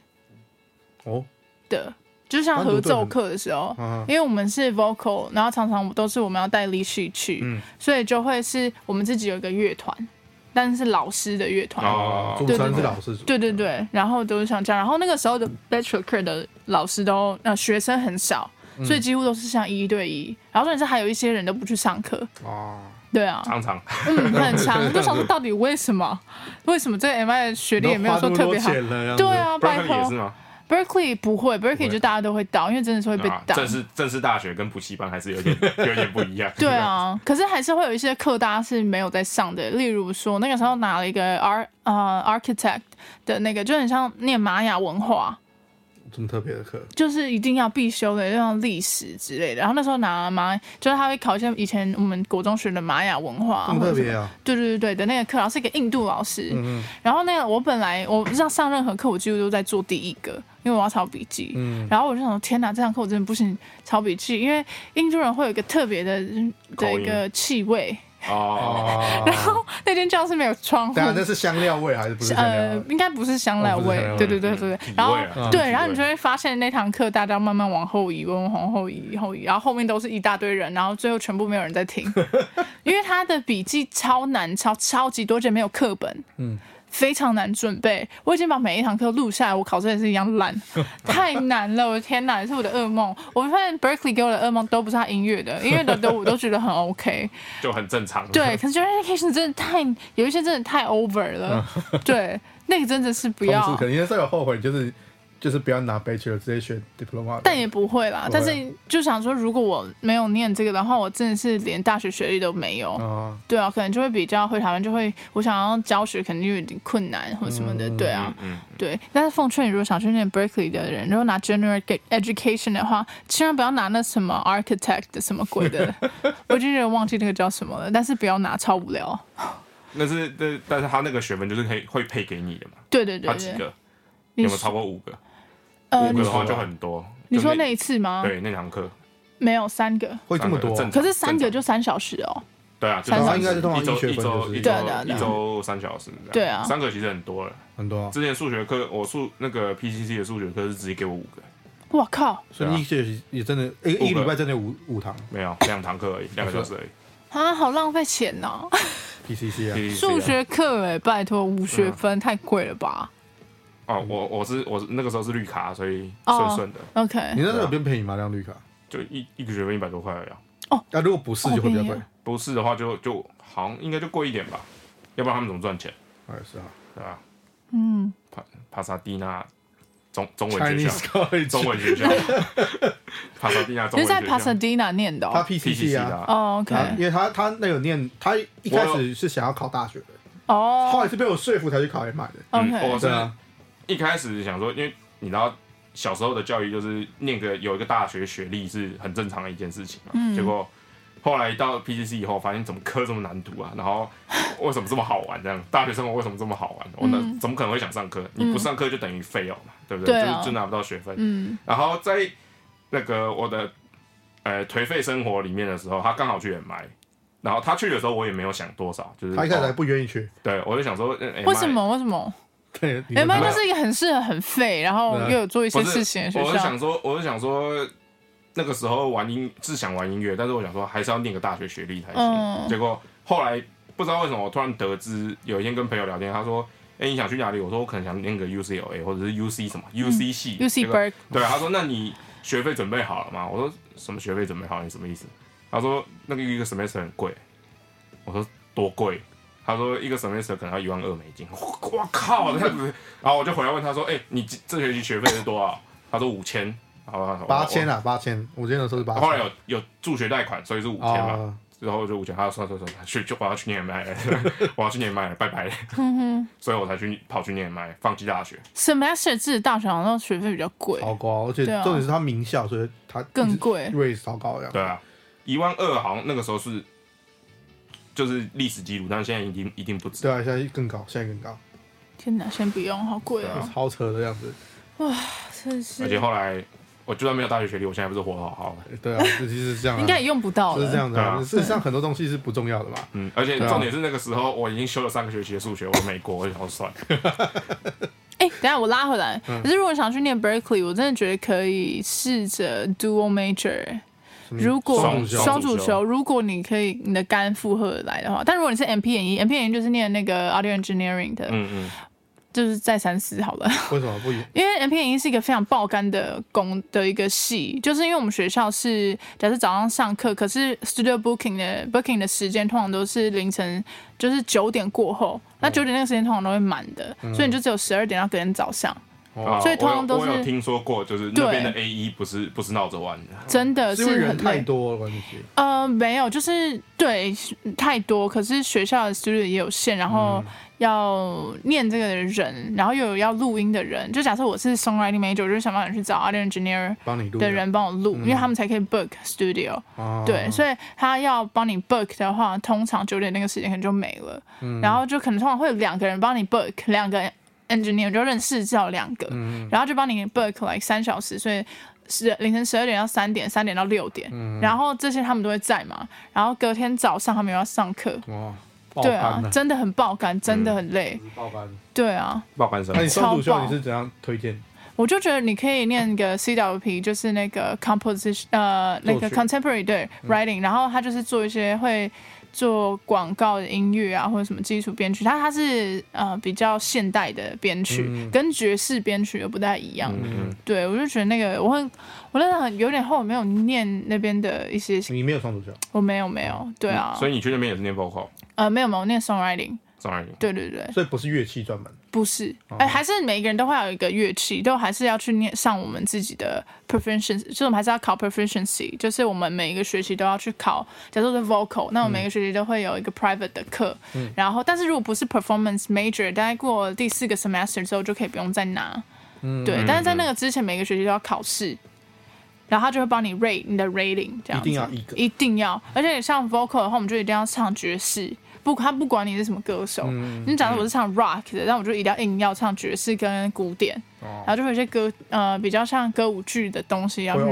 哦，對，就像合奏課的時候、啊，因為我們是 vocal，然後常常都是我們要帶李旭去，所以就會是我們自己有一個樂團，但是老師的樂團，就，山是老師組，對對對,、啊對,對,對,啊對,對,對啊，然後都是像這樣，然後那個時候的 Bachelor 的老師都，那、啊、學生很少，所以幾乎都是像一對一，然後甚至還有一些人都不去上課，哦、啊，對啊，常常，嗯，很強， 就想說到底為什麼？ 為什麼這 M I 的學歷也沒有說特別好？對啊，拜托。 Berkeley 不會，Berklee 就大家都會到會，因為真的是會被打。正式正式大學跟補習班還是有點有點不一樣。 對啊， 可是還是會有一些課大家是沒有在上的，例如說那個時候拿了一個 Ar 呃、uh, Architect 的那個，就很像念瑪雅文化。這麼特別的課？就是一定要必修的那種歷史之類的。然後那時候拿嘛，就是他會考一些以前我們國中學的瑪雅文化。這麼特別啊？對對對的那個課，然後是一個印度老師。嗯。然後那個我本來我不知道上任何課，我幾乎都在做第一個，因為我要抄筆記。嗯。然後我就想說，天哪，這堂課我真的不行抄筆記，因為印度人會有一個特別的這個氣味。哦、oh. 然後那間教室沒有窗戶。對，那是香料味還是不是香料味？呃，應該不、嗯、不是香料味。對對對對對。體、嗯啊嗯、對，然後你就會發現那堂課大家慢慢往後移，問問，往後移，往後移，然後後面都是一大堆人，然後最後全部沒有人在聽， 因為他的筆記超難，超超級多，而且沒有課本。嗯。非常難準備，我已經把每一堂課錄下來。我考試也是一樣爛，太難了！我天哪，是我的噩夢。我發現 Berklee 給我的噩夢都不是他音樂的，音樂的都我都覺得很 OK，就很正常。對，可是 Communication 真的太有一些真的太 over 了， 對，那個真的是不要。可能最有後悔就是。就是不要拿 Bachelor 直接學 Diploma，但也不會啦。啊、但是就想說，如果我沒有念這個的話，我真的是連大學學歷都沒有啊。Uh -huh. 對啊，可能就會比較會台灣，就會我想要教學肯定有點困難或什麼的。嗯、對啊、嗯，對。但是奉勸你，如果想去念 Berklee 的人，如果拿 General Education 的話，千萬不要拿那什麼 Architect 什麼鬼的， 我就有點忘記那個叫什麼了。但是不要拿，超無聊。那是，但但是他那個學分就是可以會配給你的嘛？對對對，對。他幾個？有沒有超過五個？五個的話就很多、呃你就。你說那一次嗎？對，那堂課沒有三個，三個，會這麼多？可是三個就三小時哦。對啊，就三小時三個一周，一周，一周三小時對啊，三個其實很多了，很多、啊。之前數學課我數那個 PCC 的數學課是直接給我五個。我靠！所以一學期、啊、也真的一一個禮拜真的有五五堂沒有兩堂課而已， 兩個小時而已。啊， 好浪費錢呢 PCC 數學課哎、欸，拜托五學分、嗯啊、太貴了吧？我我是我是那個時候是綠卡，所以順順的。Oh, OK，你那個學費便宜嗎？那綠卡就一一個學費一百多塊而已哦、啊。那、oh, 啊、如果不是就會比較貴，oh, okay. 不是的話就就好像應該就貴一點吧，要不然他們怎麼賺錢？也、oh, 是、okay. 啊，對吧？嗯，帕帕薩蒂娜中中文學校，中文學校，帕薩蒂娜中文學校。你 在帕薩蒂娜唸的？哦，他 p p c 的哦，OK，因為他他那有念，他一開始是想要考大學的，哦、oh.，後來是被我說服才去考 A 曼的。哦、oh,，對啊。一開始想說，因為你知道小時候的教育就是念個有一個大學學歷是很正常的一件事情嘛。嗯、結果後來到 PCC 以後，發現怎麼課這麼難讀啊？然後為什麼這麼好玩？這樣大學生活為什麼這麼好玩？嗯、我怎怎麼可能會想上課？你不上課就等於廢了嘛、嗯，對不對？就是就拿不到學分、哦嗯。然後在那個我的呃頹廢生活裡面的時候，他剛好去 MI。然後他去的時候，我也沒有想多少，就是他一開始還不願意去。對，我就想說，為什麼？為什麼？M 對，哎，MI、欸，就是一個很適合很廢，然後又有做一些事情的學校。是我是想說，我是想說，那個時候玩音是想玩音樂，但是我想說還是要念個大學學歷才行、嗯。結果後來不知道為什麼，我突然得知有一天跟朋友聊天，他說：“哎、欸，你想去哪裡？”我說：“我可能想念個 UCLA 或者是 UC 什麼 UC 系 UC Berkeley。嗯”對、啊，他說：“那你學費準備好了嗎？”我說：“什麼學費準備好你什麼意思？”他說：“那個一個 semester 很貴。”我說：“多貴？”他說一個 semester 可能要一萬二美金，我靠！這樣子。然後我就回來問他說：“哎、欸，你這這學期學費是多少 ？”他說五千。好吧，八千啊，八千，五千的時候是八千。後來有有助學貸款，所以是五千嘛。然、呃、後就五千，他說，算算算，去就我要去念 MI 了，我要去念 MI 了，拜拜。所以我才去跑去念 MI，放棄大學。semester 自己大學好像學費比較貴，好高，而且、啊、重點是他名校，所以他更貴，因為超高的。對啊，一萬二好像那個時候是。就是歷史記錄，但是現在已經一定不止。對啊，現在更高，現在更高。天哪，先不用，好貴、喔啊，超扯的樣子，哇，真是。而且後來，我就算沒有大學學歷，我現在不是活得好好的？對啊，其實是這樣、啊。 應該也用不到了。就是這樣子啊，事、嗯啊、實上很多東西是不重要的吧？嗯，而且重點是那個時候我已經修了三個學期的數學，我美國覺得好帥。哎、 欸，等下我拉回來、嗯。可是如果想去念 Berklee，我真的覺得可以試着 dual major。如果雙主，主球，如果你可以，你的肝負荷來的話，但如果你是 MP&E, E，MP&E 就是念那個 audio engineering 的，嗯嗯，就是再三思好了。為什麼不？因為 MP&E 是一個非常爆肝的工的一個系，就是因為我們學校是假設早上上課，可是 studio booking 的 booking 的時間通常都是凌晨，就是九點過後，嗯、那九點那個時間通常都會滿的、嗯，所以你就只有十二點到隔天早上。Wow, 所以通常都是我有，我有聽說過，就是那邊的 A E 不是不是鬧着玩的，真的是，很是太多了。呃，沒有，就是對太多，可是學校的 studio 也有限，然後要念這個的人，然後又有要錄音的人，就假設我是 songwriting major，我就想辦法去找 audio engineer 的人幫我錄，因為他們才可以 book studio，啊。對，所以他要幫你 book 的話，通常九點那個時間可能就沒了，嗯，然後就可能通常會有兩個人幫你 book，兩個人。engineer 我就認識至少兩個，然後就幫你 book like 三小時，所以十凌晨十二點到三點，三點到六點、嗯，然後這些他們都會在嘛，然後隔天早上他們又要上課，哇，對啊，真的很爆肝，真的很累，嗯、爆肝，對啊，爆肝什麼？那你修讀修你是怎樣推薦？我就覺得你可以念個 CWP，就是那個 composition，呃、uh, like 嗯，那個 contemporary 對 writing，然後他就是做一些會。做廣告的音樂啊，或者什麼基礎編曲，它它是呃比較現代的編曲，嗯，跟爵士編曲又不太一樣，嗯嗯。對，我就覺得那個我很，我真的很有點後悔沒有念那邊的一些。你沒有雙主角？我沒有，沒有，對啊。嗯、所以你去那邊也是念 vocal？呃，沒有沒有，我念 songwriting。songwriting。對對對。所以不是樂器專門。不是，哎、欸，還是每一個人都會有一個樂器，都還是要去念上我們自己的 proficiency，就是我們還是要考 proficiency，就是我們每一個學期都要去考。假如是 vocal，那我每個學期都會有一個 private 的課、嗯，然後，但是如果不是 performance major，待過第四個 semester 之後就可以不用再拿。嗯、對、嗯，但是在那個之前，每個學期都要考試，然後他就會幫你 rate 你的 rating，這樣子一定要一個一定要，而且像 vocal 的話，我們就一定要唱爵士。不，他不管你是什麼歌手，嗯、你講的我是唱 rock 的，但我就一定要硬要唱爵士跟古典，哦、然後就會有些歌，呃，比較像歌舞劇的東西要去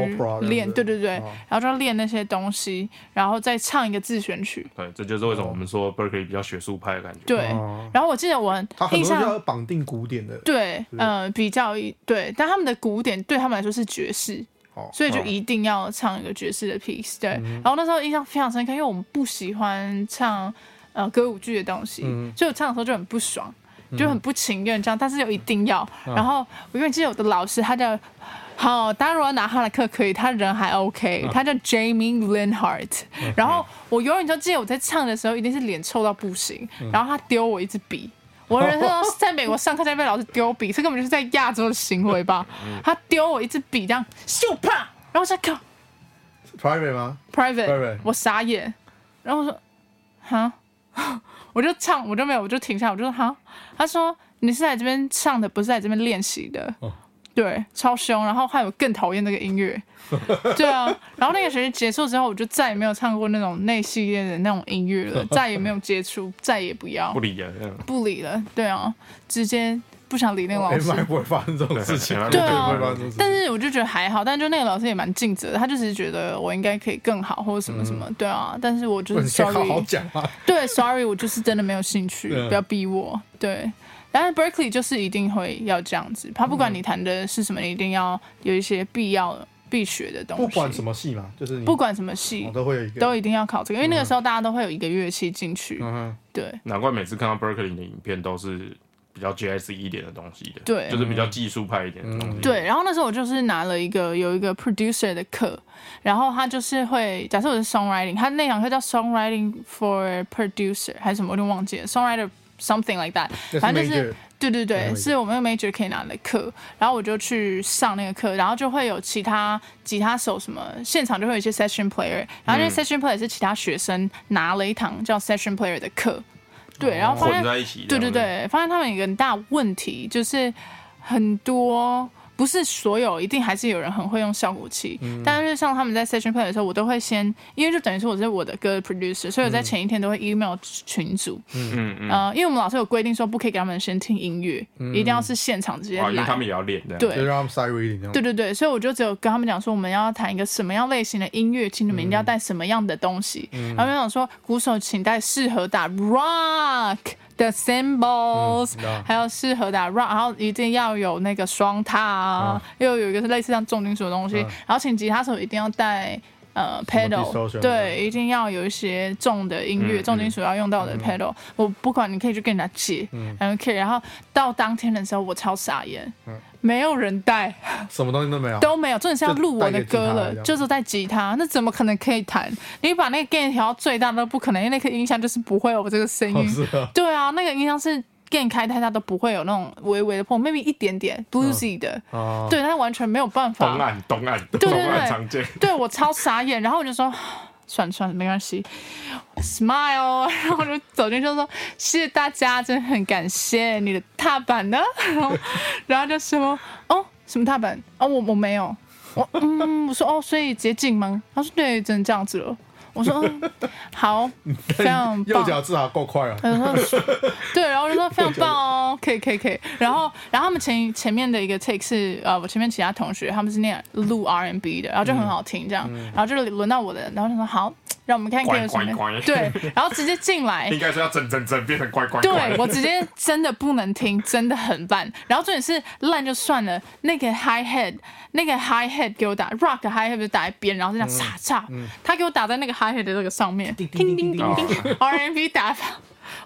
練，對對對，哦、然後就要練那些東西，然後再唱一個自選曲。對，這就是為什麼我們說 Berklee 比較學術派的感覺、哦。對，然後我記得我很印象綁定古典的，對，嗯、呃，比較一對，但他們的古典對他們來說是爵士、哦，所以就一定要唱一個爵士的 piece 對。對、嗯，然後那時候印象非常深刻，因為我們不喜歡唱。呃，歌舞劇的東西、嗯，所以我唱的時候就很不爽，就很不情願這樣。但是又一定要。嗯嗯、然後我永遠記得我的老師，他叫，好、嗯，當然如果要拿他的課可以，他人還 OK，、嗯、他叫 Jamie Lindhart、嗯嗯。然後我永遠都記得我在唱的時候，一定是臉臭到不行。嗯、然後他丟我一支筆，嗯、我的人生在美國上課在被老師丟筆，這根本就是在亞洲的行為吧？嗯、他丟我一支筆，這樣秀 p、嗯嗯、然後我說，private 嗎 p r i v a t e 我傻眼，然後我說，哈？ 我就唱，我就沒有，我就停下，我就說：“哈。”他說：“你是在這邊唱的，不是在這邊練習的。”哦，對，超凶。然後還有更討厭那個音樂， 對啊。然後那個學期結束之後，我就再也沒有唱過那種那系列的那種音樂了， 再也沒有接觸，再也不要不理了、啊。不理了，對啊，直接。不想理那個老師，我也不會發生這種事情啊！對啊，但是我就覺得還好，但是就那個老師也蠻盡責的、嗯，他就是覺得我應該可以更好或者什麼什麼，對啊。但是我就是 sorry。好講啊。對，sorry，我就是真的沒有興趣， 不要逼我。對，然後 Berkeley 就是一定會要這樣子，他不管你彈的是什麼，一定要有一些必要必學的東西。不管什麼系嘛，就是不管什麼系，我都會有一個，都一定要考這個，因為那個時候大家都會有一個樂器進去。嗯哼。對。難怪每次看到 Berkeley 的影片都是。比較 JS 一點的東西的，對，就是比較技術派一點的東西。嗯。對，然後那時候我就是拿了一個有一個 producer 的課，然後他就是會假設我是 songwriting，他那堂課叫 songwriting for producer 還是什麼，我有點忘記了，songwriter something like that，major, 反正就是對對對，沒是我們用 major 可以拿的課，然後我就去上那個課，然後就會有其他吉他手什麼，現場就會有一些 session player，然後那些 session player 是其他學生拿了一堂叫 session player 的課。對，然後發現混在一起。對對對，發現他們有一個很大問題，就是很多。不是所有，一定還是有人很會用效果器。嗯、但是像他們在 session play 的時候，我都會先，因為就等於說我是我的歌的 producer，、嗯、所以我在前一天都會 email 群組，嗯嗯嗯，呃、因為我們老師有規定說不可以給他們先聽音樂、嗯嗯，一定要是現場直接來，因為他們也要練的，對，對對對，所以我就只有跟他們講說，我們要談一個什麼樣類型的音樂，請你們一定要帶什麼樣的東西。他們我想說，鼓手請帶適合打 rock。The symbols、嗯、還有適合打、啊、rock，然後一定要有那個雙踏、哦，又有一個是類似像重金屬的東西、哦，然後請吉他手一定要帶。呃，pedal、呃、對，一定要有一些重的音樂、嗯嗯，重金屬要用到的 pedal、嗯。我不管，你可以去跟人家借，OK。嗯、然後到當天的時候，我超傻眼，嗯、沒有人帶，什麼東西都沒有，都沒有，真的是要錄我的歌了，就是在吉，吉他，那怎麼可能可以彈？你把那個 gain 調到最大都不可能，因為那個音箱就是不會有我這個聲音、哦是啊。對啊，那個音箱是。鍵開，他他都不會有那種微微的破 maybe 一點點 bluesy、哦、的，哦、對他完全沒有辦法。東岸，東岸，對對對,對，我超傻眼。然後我就說， 算了算了，沒關係，smile。然後我就走進去說，謝謝大家，真的很感謝你的踏板呢。然後，然後就是說， 哦，什麼踏板？哦，我我沒有，我嗯，我說哦，所以捷徑嗎？他說對，只能這樣子了。我說、嗯、好，非常棒，右腳至少夠快啊。我說對，然後就說非常棒哦，可以可以可以。然後然後他們前前面的一個 take 是呃，我前面其他同學他們是念錄 R&B 的，然後就很好聽這樣。然後就是輪到我的，然後他說好，讓我們看看有什麼？對，然後直接進來，應該是要整整整變成乖乖，乖。對，我直接真的不能聽，真的很爛。然後重點是爛就算了，那個 high head，那個 high head 給我打 rock high head 就打一邊，然後就這樣傻叉、嗯嗯。他給我打在那個 high 黑的這個上面叮叮叮叮叮叮、oh.，R&B 打法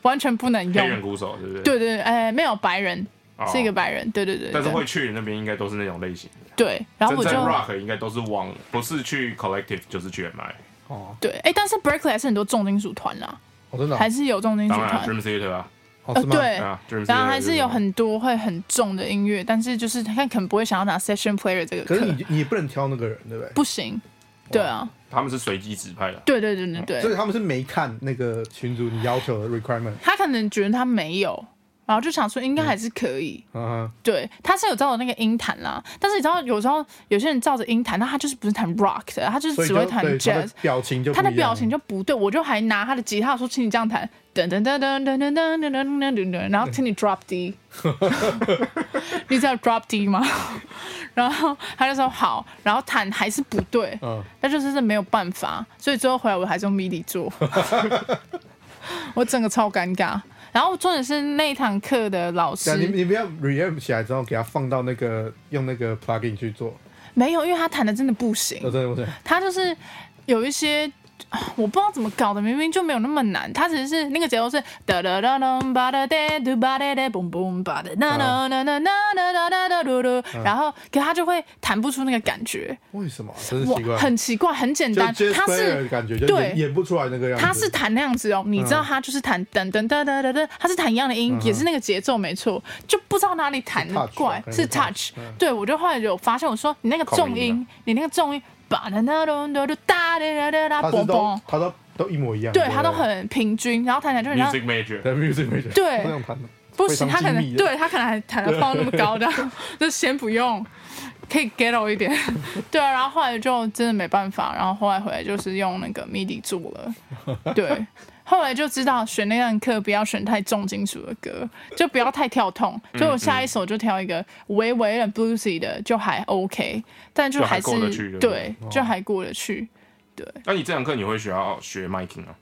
完全不能用。 對，對對？哎、呃，沒有白人、oh. 是一個白人，對對對，對。但是會去那邊應該都是那種類型的。對，然後我就在 rock 應該都是往不是去 collective 就是去 MI。哦、oh.，對，哎，但是 Berklee 還是很多重金屬團吶、啊 oh, 啊，還是有重金屬團，啊啊 oh, 呃、對吧？然後還是有很多會很重的音樂，但是就是他可能不會想要拿 session player 這個。可以，你你不能挑那個人對不對？不行，wow. 對啊。他們是隨機指派的，對對對對，對對對對，所以他們是沒看那個群組你要求的 requirement。他可能覺得他沒有，然後就想說應該還是可以。嗯，uh-huh. 對，他是有照着那個音彈啦，但是你知道有時候有些人照着音彈，那他就是不是彈 rock 的，他就是只會彈 jazz。就表情就，他的表情就不對，我就還拿他的吉他說，請你這樣彈。等等等等等等等等，然後聽你 drop D， 你知道 drop D 嗎？ 然後他就說好，然後彈還是不對，嗯，那就是沒有辦法，所以最後回來我還是用 MIDI 做， 我整個超尷尬。然後重點是那一堂課的老師，啊、你你不要 reamp 起來之後給他放到那個用那個 plugin 去做，沒有，因為他彈的真的不行，不、哦、對不對，對，他就是有一些。我不知道怎麼搞的，明明就沒有那麼難，他只是那個節奏是噠噠噠咚吧噠嘚嘟吧嘚嘚嘣嘣吧噠噠噠噠噠噠噠噠，然後給他就會彈不出那個感覺。為什麼？真奇怪，很奇怪，很簡單，他是對演不出來那個樣子。他是彈那樣子哦，嗯、你知道他就是彈噔噔噠噠噠噠，他是彈一樣的音，嗯、也是那個節奏沒錯，就不知道哪裡彈的怪，是 touch，啊是 touch，是 touch 嗯。對，我就後來有發現，我說你那個重音，音你那個重音。他都他都一模一樣對，對他都很平均。然後彈起來就是。Music major，對 Music major。對，不行，他可能對他可能還彈得放那麼高這樣，的就先不用，可以給 a 我一點。對啊，然後後來就真的沒辦法，然後後來回來就是用那個 midi 做了，對。 後來就知道選那堂課不要選太重金屬的歌，就不要太跳 tone。所以我下一首就挑一個微微的 bluesy 的，就還 OK，但就還是就還過得去對，對，對，就還過得去。對，那、啊、你這堂課你會學要學 miking 啊？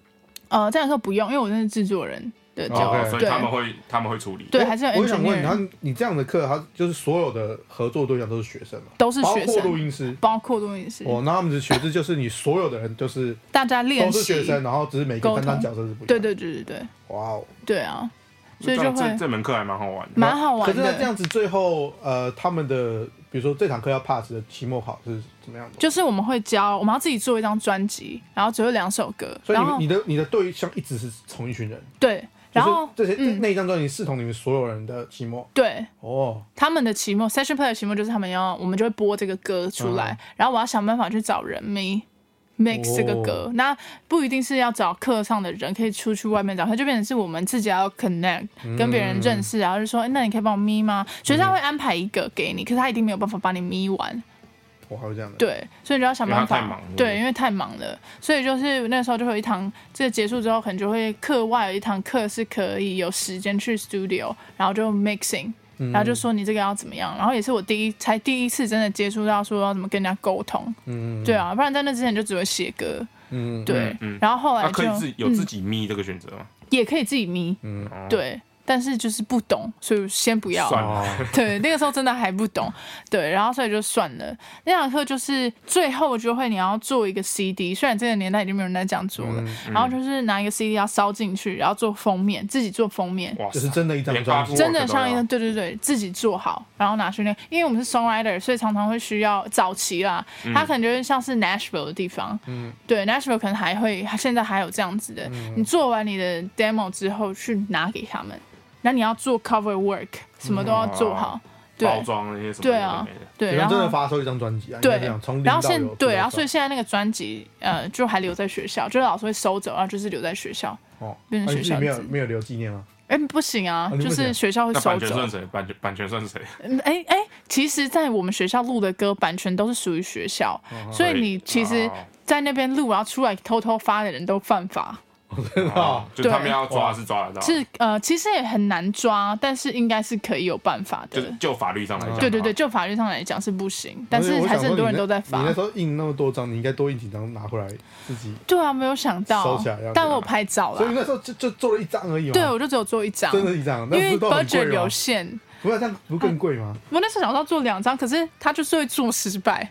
呃，這堂課不用，因為我這是制作人。對，oh, okay. 所以他們會他們會處理。對，還是我，我想問你，他你這樣的課，他就是所有的合作對象都是學生嘛？都是，包括錄音師，包括錄音師。哦，那他們的學制就是你所有的人，就是大家練都是學生，然後只是每個分擔角色是不一樣，對，對，對，對，對，哇哦，對啊，所以就會這門課還蠻好玩，蠻好玩。可是這樣子最後，呃，他們的比如說這堂課要 pass 的期末考是怎麼樣的？就是我們會教，我們要自己做一張專輯，然後只有兩首歌。所以你的你的對象一直是同一群人，對。然後、就是、這些、嗯、那一張專輯視同你們所有人的期末。對。哦、oh. 他們的期末，session player 的期末就是他們要，我們就會播這個歌出來，uh. 然後我要想辦法去找人咪 mix 這個歌。Oh. 那不一定是要找課上的人，可以出去外面找，他就變成是我們自己要 connect、mm. 跟別人認識，然後就說，欸、那你可以幫我咪嗎？學校會安排一個給你，可是他一定沒有辦法幫你咪完。對，所以你就要想辦法是是。對，因為太忙了，所以就是那時候就會有一堂，這個、結束之後可能就會課外有一堂課是可以有時間去 studio，然後就 mixing，、嗯、然後就說你這個要怎麼樣。然後也是我第一才第一次真的接觸到說要怎麼跟人家溝通、嗯，對啊，不然在那之前就只會寫歌，嗯、對、嗯嗯嗯。然後後來就、啊、可以自有自己 mix 這個選擇嗎、嗯？也可以自己 mix 嗯對。但是就是不懂，所以先不要算了。對，那個時候真的還不懂。對，然後所以就算了。那堂課就是最後，就會你要做一個 CD，雖然這個年代已經沒有人再這樣做了、嗯嗯。然後就是拿一個 CD 要燒進去，然後做封面，自己做封面。哇，這是真的一張專輯。真的像一張對對對，自己做好，然後拿去那，因為我們是 songwriter，所以常常會需要早期啦，嗯、他可能就是像是 Nashville 的地方。嗯，對，Nashville 可能還會，現在還有這樣子的。你做完你的 demo 之後，去拿給他們。那你要做 cover work，什麼都要做好，嗯、好包裝那些什麼對，對啊，對。然後真的發售一張專輯啊，對，然後現對，然後所以現在那個專輯，呃，就還留在學校，就是、老師會收走，然後就是留在學校。哦，變成學校、啊你你沒，沒有沒有留紀念嗎、啊？哎、欸，不行，啊啊、不行啊，就是學校會收走。版權算誰？版權算誰？哎、欸、哎、欸，其實，在我們學校錄的歌版權都是屬於學校、哦，所以你其實，在那邊錄，然後出來偷偷發的人都犯法。真、 oh, 就他們要抓是抓得到，是呃，其實也很難抓，但是應該是可以有辦法的。就，就法律上來講，對對對，就法律上來講是不行，但是還是很多人都在發。你那時候印那麼多張，你應該多印幾張拿回來自己收起來。對啊，沒有想到，但我有拍照了，所以那時候就就做了一張而已嘛。對，我就只有做一張，真的，一張，因為 budget 有限，不這樣不更貴嗎？我那時候想到做兩張，可是他就是會做失敗。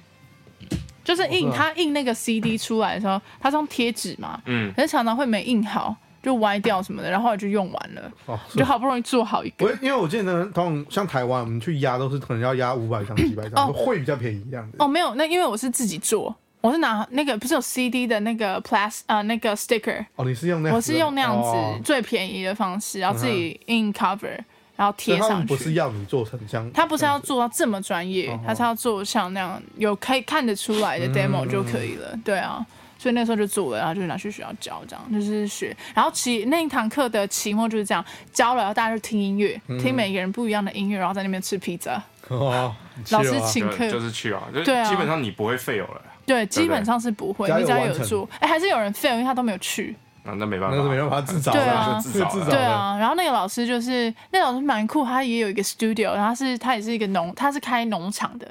就是印、哦是啊、他印那個 CD 出來的時候，他、嗯、是用貼紙嘛，嗯，可是常常會沒印好，就歪掉什麼的，然後我就用完了，哦啊、就好不容易做好一個。因為我記得呢，通常像台灣，我們去壓都是可能要壓五百張、幾百張，嗯哦、會比較便宜這樣子。哦，沒有，那因為我是自己做，我是拿那個不是有 CD 的那個 Plus 呃、啊、那個 Sticker。哦，你是用那樣子？我是用那樣子最便宜的方式，哦、然後自己印 Cover、嗯。然後貼上去。他不是要你做很像這樣，他不是要做到這麼專業，哦哦，他是要做像那樣有可以看得出來的 demo 就可以了。嗯嗯嗯，對啊，所以那時候就做了，然後就拿去學校教這樣，就是學。然後期那一堂課的期末就是這樣，教了然後大家就聽音樂，嗯、聽每個人不一樣的音樂，然後在那邊吃披薩。哦、哦、啊，老師請客就是去啊。對啊，基本上你不會 fail 了對、啊對啊。對，基本上是不會。你只要有做，哎，還是有人 fail，因為他都沒有去。啊，那沒辦法，那是沒辦法自找的。啊，對啊，然後那個老師就是，那老師蠻酷，他也有一個 studio，然後是他也是一個農，他是開農場的，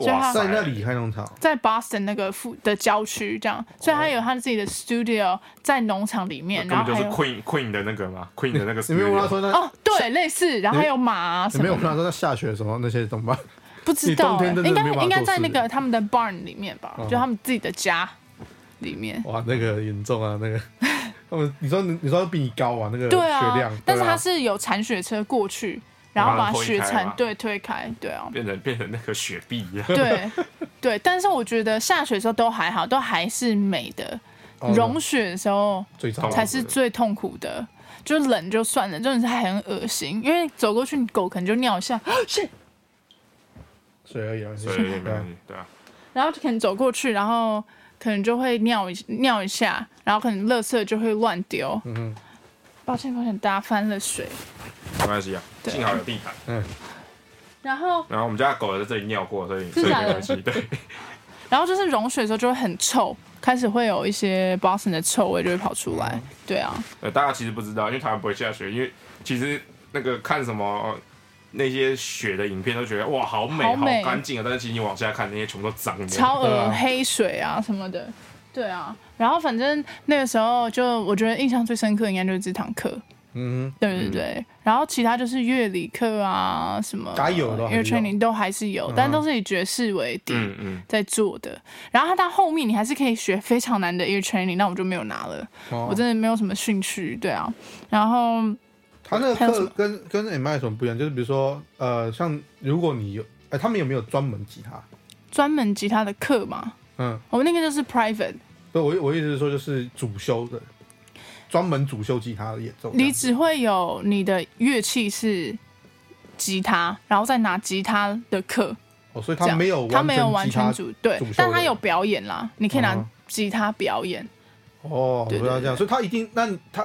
所以他，在那裡開農場，在 Boston 那個附的郊區這樣，所以他有他自己的 studio 在農場裡面，然後就是 Queen Queen 的那個嘛 Queen 的那個 studio，你沒有問他哦，對，類似，然後還有馬、啊、什麼，你你沒有問他說他下雪的時候那些怎麼辦？ 不知道。欸，應該應該在那個他們的 barn 裡面吧，嗯、就他們自己的家。裡面哇，那個嚴重啊，那個， 他們你說你你說比你高啊，那個血量，對啊，但是它是有鏟雪車過去，啊、然後把雪鏟對推開，對啊，變成變成那個雪碧一樣， 對對，但是我覺得下雪的時候都還好，都還是美的，融、oh, 雪的時候才是最痛苦的，的就冷就算了，真的是很噁心，因為走過去狗可能就尿一下， 水，而啊、水而已，水 沒關係，對啊， 然後就可能走過去，然後。可能就會尿一尿一下，然後可能垃圾就會亂丟、嗯。抱歉抱歉，打翻了水。沒關係啊，幸好有地毯、嗯。然後。然後我們家的狗在這裡尿過，所以。是啊。所以沒關係。對。 然後就是融雪的時候就會很臭，開始會有一些 Boston 的臭味就會跑出來。對啊。呃，大家其實不知道，因為台灣不會下雪，因為其實那個看什麼。那些雪的影片都覺得哇，好美好乾淨啊！但是其實你往下看，那些全部都髒超惡、 啊、黑水啊什麼的，對啊。然後反正那個時候就，就我覺得印象最深刻，應該就是這堂課，嗯哼，對對對、嗯。然後其他就是樂理課啊什麼，什麼，該有的，Ear training 都還是有、嗯，但都是以爵士為底在做的。嗯嗯，然後它到後面，你還是可以學非常難的 Ear training，那我就沒有拿了、哦，我真的沒有什麼興趣，對啊。然後。他那個課跟跟 MI 有什麼不一樣？就是比如說，呃，像如果你有，哎、欸，他們有沒有專門吉他、專門吉他的課嗎？嗯，我、oh, 們那個就是 private。不，我我意思是說，就是主修的，專門主修吉他的演奏。你只會有你的樂器是吉他，然後再拿吉他的課。哦，所以他沒有他，他沒有完全主，對，但他有表演啦，你可以拿吉他表演。哦、嗯，我不知道這樣，所以他一定那他。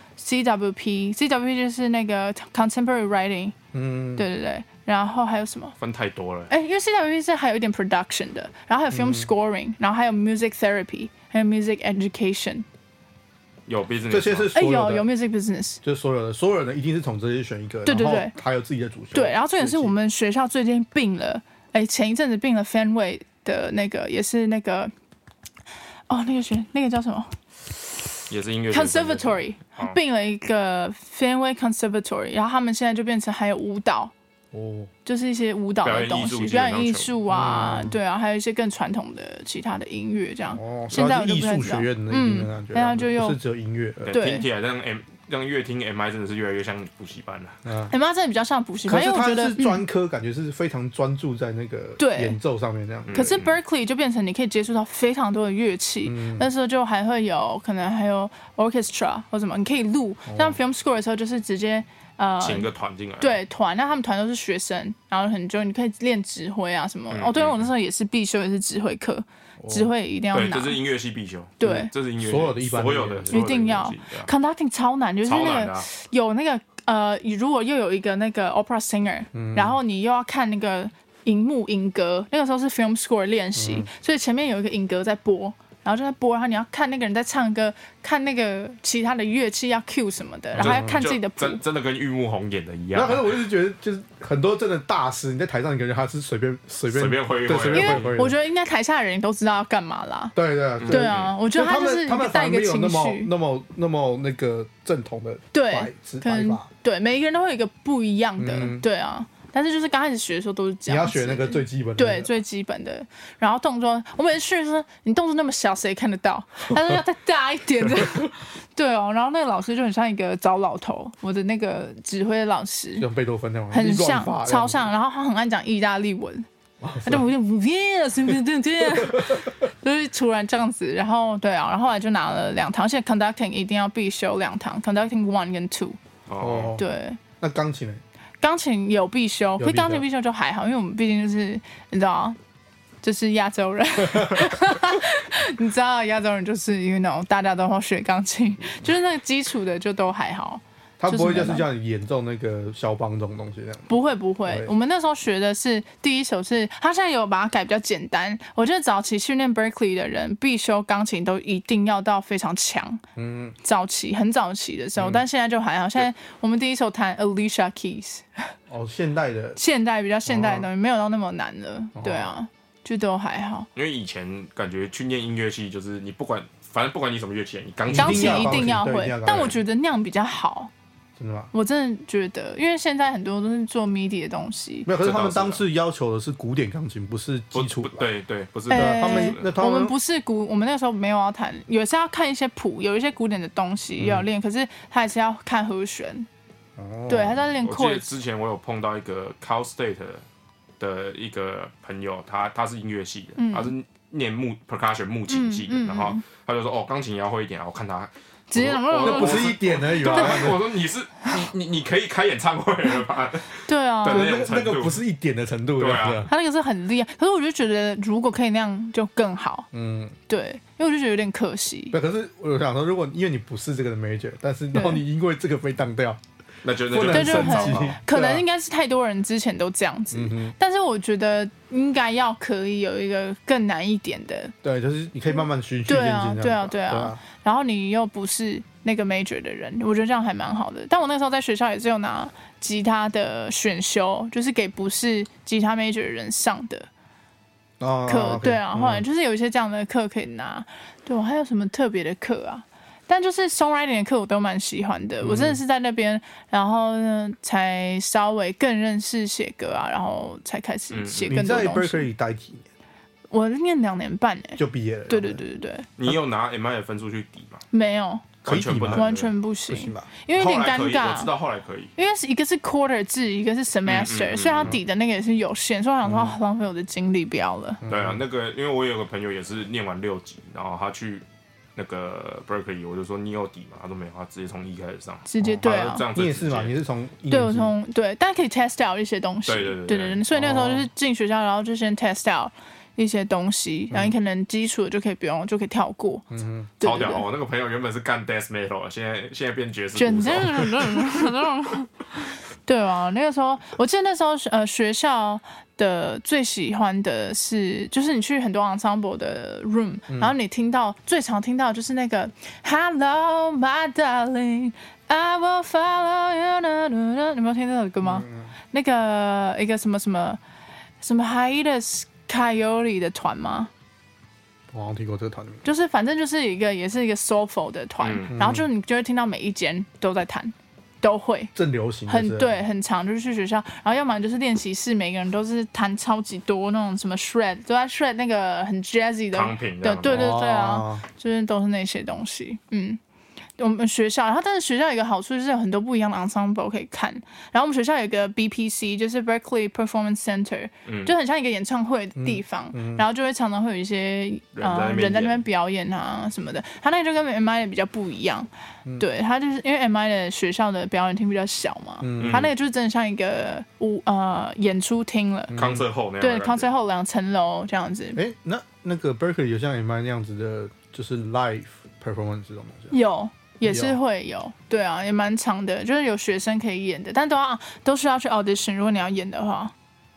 CWP，CWP CWP 就是那個 Contemporary Writing，嗯，對對對，然後還有什麼？分太多了，哎，因為 CWP 是還有一點 Production 的，然後還有 Film Scoring，嗯，然後還有 Music Therapy，還有 Music Education。有 business 這些是哎，有有 Music Business，就是所有的，所有的一定是從這些選一個，對對對，還有自己的主修。對，然後這也是我們學校最近併了，哎，前一陣子併了 Fanway 的那個，也是那個，哦，那個學那個叫什麼？.也是 Conservatory 併了一個 Family Conservatory，然後他們現在就變成還有舞蹈。哦、就是一些舞蹈的東西，表演藝術啊、嗯，對啊，還有一些更傳統的其他的音樂這，哦、這樣，現在藝術學院的音樂學院就只有音樂，對，對。這樣越聽 MI 真的是越來越像補習班了，MI 嗯真的比較像補習班，因為它是專科，感覺是非常專注在那個演奏上面這樣。嗯、可是 Berklee 就變成你可以接觸到非常多的樂器、嗯，那時候就還會有可能還有 Orchestra 或什麼，你可以錄像、哦、Film Score 的時候就是直接呃請一個團進來，對團，那他們團都是學生，然後很就你可以練指揮啊什麼、嗯嗯。哦，對，我那時候也是必修，也是指揮課。只會一定要拿，對，這是音樂系必修。對，這是音樂所有的一般的所有的一定要 conducting 超難，就是那個、啊、有那個呃，如果又有一個那個 opera singer，、嗯、然後你又要看那個熒幕影格，那個時候是 film score 練習、嗯，所以前面有一個影格在播。然後就在播，然後你要看那個人在唱歌，看那個其他的樂器要 cue 什麼的，然後還要看自己的譜，真的跟玉木宏演的一樣。那、嗯、可、嗯、是我一直覺得，就是很多真的大師，你在台上，你感覺他是隨便隨便隨便揮揮，隨便揮揮。因為我覺得應該台下的人都知道要幹嘛啦。對對對，對，、嗯、對啊對對對，我覺得他就是帶一個情緒。那麼那麼，那麼那個正統的，對，可能對，每一個人都會有一個不一樣的，嗯、對啊。但是就是剛開始學的時候都是這樣，你要學那個最基本的、那個，對最基本的，然後動作，我每次去說你動作那麼小，誰看得到？他說要再大一點這樣， 對哦。然後那個老師就很像一個糟老頭，我的那個指揮老師，用貝多芬那種，很像，超像。然後他很愛講意大利文，他就不是不是， 就是突然這樣子。然後對啊、哦，然後後來就拿了兩堂，現在 conducting 一定要必修兩堂，conducting one 跟 two。哦，對，那鋼琴、欸。鋼琴有必修，可是鋼琴必修就還好，因為我們畢竟就是你知道，就是亞洲人， 你知道亞洲人就是因為那種大家都會學鋼琴，就是那個基礎的就都還好。他不會就是叫你演奏那個肖邦這種東西那、就是、不會不會，我們那時候學的是第一首是，他現在有把它改比較簡單。我覺得早期訓練 Berkeley 的人必修鋼琴都一定要到非常強。嗯，早期很早期的時候、嗯，但現在就還好。現在我們第一首彈 Alicia Keys。哦，現代的現代比較現代的東西，uh -huh. 沒有到那麼難了。對啊，uh -huh. 就都還好。因為以前感覺去念音樂系就是你不管，反正不管你什麼樂器，鋼琴、鋼琴一定要會。但我覺得那樣比較好。我真的覺得，因為現在很多都是做 MIDI 的東西，沒有。可是他們當時要求的是古典鋼琴，不是基礎。對對，不是他、的、欸、他、們他們。我們不是古，我們那個時候沒有要彈，有時候要看一些譜，有一些古典的東西要練、嗯。可是他還是要看和弦，哦、對，他在練。我記得之前我有碰到一個 Cal State 的一個朋友，他他是音樂系的、嗯，他是念木 percussion 木琴系的、嗯嗯，然後他就說：“哦，鋼琴也要會一點啊。”我看他。那不是一點而已啊！對對對，我說，你是你你你可以開演唱會了吧？對啊對，對那個那個不是一點的程度，對啊，啊、他那個是很厲害。可是我就覺得，如果可以那樣，就更好。嗯，對，因為我就覺得有點可惜。對，可是我想說，如果因為你不是這個的 major 但是然後你因為這個被當掉。那就那就很，就很 可能應該是太多人之前都這樣子，啊、但是我覺得應該要，、嗯、要可以有一個更難一點的。對，就是你可以慢慢去、啊。對啊，對啊，對啊。然後你又不是那個 major 的人，我覺得這樣還蠻好，、啊啊、好的。但我那時候在學校也是有拿吉他的選修，就是給不是吉他 major 的人上的課、哦啊 okay。對啊，後來就是有一些這樣的課可以拿。嗯、對，我還有什麼特別的課啊？但就是 songwriting 的課，我都蠻喜歡的、嗯。我真的是在那邊，然後才稍微更認識寫歌啊，然後才開始寫、嗯。你在 Berklee 待幾年？我念兩年半誒、欸，就畢業了。對對對對。你有拿 MI 的分數去抵嗎？沒有，完全不行，完全不行，不行，因為有點尷尬。我知道後來可以。因為是一個是 quarter 制，一個是 semester，嗯嗯嗯嗯嗯嗯所以它抵的那個也是有限。所以我想說，嗯嗯好浪費我的精力不要了。對啊，那個因為我有個朋友也是念完六級，然後他去。那個 Berklee，我就說你有底嘛，他都沒有，他直接從一、e、開始上，直接、哦、對、啊、這樣子直接你也是嘛，你是從、e, 對，我從對，但可以 test out 一些東西，對對對對，對，對，對，對，對，所以那時候就是進學校，然後就先 test out 一些東西，然後你可能基礎就可以不用、嗯，就可以跳過。嗯嗯，跳掉。我、哦、那個朋友原本是幹 death metal，現在現在變爵士鼓手。 對啊，那個時候我記得那時候，呃，學校的最喜歡的是，就是你去很多 ensemble 的 room，、嗯、然後你聽到最常聽到就是那個、嗯、Hello, my darling, I will follow you. 你有沒有聽這個歌嗎、嗯？那個一個什麼什麼什麼 Hiatus Kaiyote 的團嗎？我好像聽過這個團。就是反正就是一個也是一個 soul 的團、嗯，然後就你就會聽到每一間都在彈。都會正流行，很對，很長，就是去學校，然後要麼就是練習室，每個人都是彈超級多那種什麼 shred，都在 shred 那個很 jazzy 的、的對，對對對對啊，就是都是那些東西，嗯。我們學校，他但是學校有一個好處就是有很多不一樣的 ensemble 可以看。然後我們學校有一個 BPC，就是 Berklee Performance Center，、嗯、就很像一個演唱會的地方。嗯嗯、然後就會常常會有一些呃人在那邊、呃、表演啊什麼的。它那個就跟 MI 比較不一樣，嗯、對，它就是因為 MI 的學校的表演廳比較小嘛，嗯、它那個就是真的像一個舞呃演出廳了。concert hall 對，concert hall 兩層樓這樣子。哎、欸，那那個 Berklee 有像 MI 那樣子的，就是 live performance 這種東西有。也是會有，對啊，也蠻長的，就是有學生可以演的，但都啊都需要去 audition，如果你要演的話，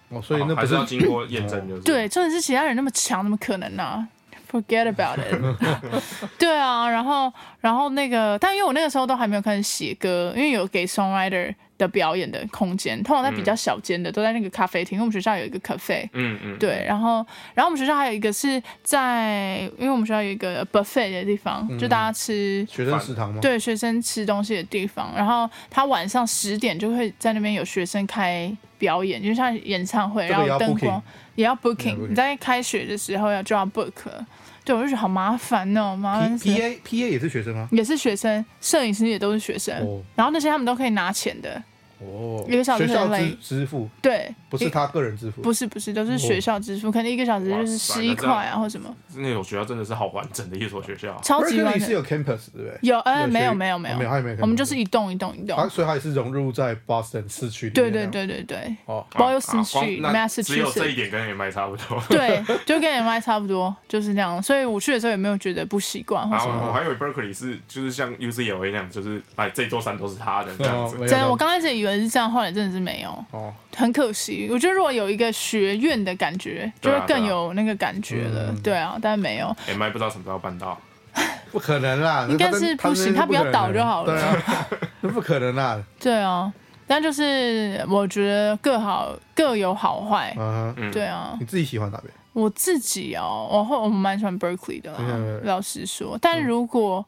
哦，所以那不是，是經過驗證就是、 對，真的是其他人那麼強，怎麼可能呢、啊？Forget about it， 對啊，然後然後那個，但因為我那個時候都還沒有開始寫歌，因為有給 song writer。表演的空間，通常在比較小間的、嗯，都在那個咖啡廳。因為我們學校有一個 cafe，嗯嗯，對。然後，然後我們學校還有一個是在，因為我們學校有一個 buffet 的地方，就大家吃、嗯、學生食堂嘛，對，學生吃東西的地方。然後他晚上十點就會在那邊有學生開表演，就像演唱會，這個、然後燈光也要 booking，也要 booking。你在開學的時候要就要 book，對，我就覺得好麻煩哦，麻煩。P A P A 也是學生嗎？也是學生，攝影師也都是學生。Oh. 然後那些他們都可以拿錢的。哦，一個小時是來支付，對，不是他個人支付，不是不是，都是學校支付，可能一個小時就是十一塊啊或，或什麼。那所學校真的是好完整的一所學校，超級完整。Berklee、是有 campus 對不對？有，呃，有沒有沒有、哦、沒有沒我們就是動動一棟一棟一棟。啊，所以它也是融入在 Boston 市區對對對對對。哦，Boston 市區，Massachusetts。啊啊、只有這一點跟 MI 差不多。 對，就跟 MI 差不多，就是這樣。所以我去的時候也沒有覺得不習慣、啊，或者什麼、啊。我還以為 Berklee 是就是像 UCLA 那樣，就是哎、啊，這座山都是他的這樣子。真 的，我剛開始以為。是這樣畫的，後來真的是沒有哦，很可惜。我覺得如果有一個學院的感覺，啊、就會、是、更有那個感覺了。對啊，對啊對啊嗯、對啊但沒有。MI 不知道什麼時候辦到，不可能啦。 應該是不行，他是不，他不要倒就好了。不可能啦。對啊， 對，啊 對啊，但就是我覺得各好各有好壞。嗯，對啊。你自己喜歡哪邊？我自己哦、喔，我我蠻喜歡 Berklee 的、嗯。老實說，但如果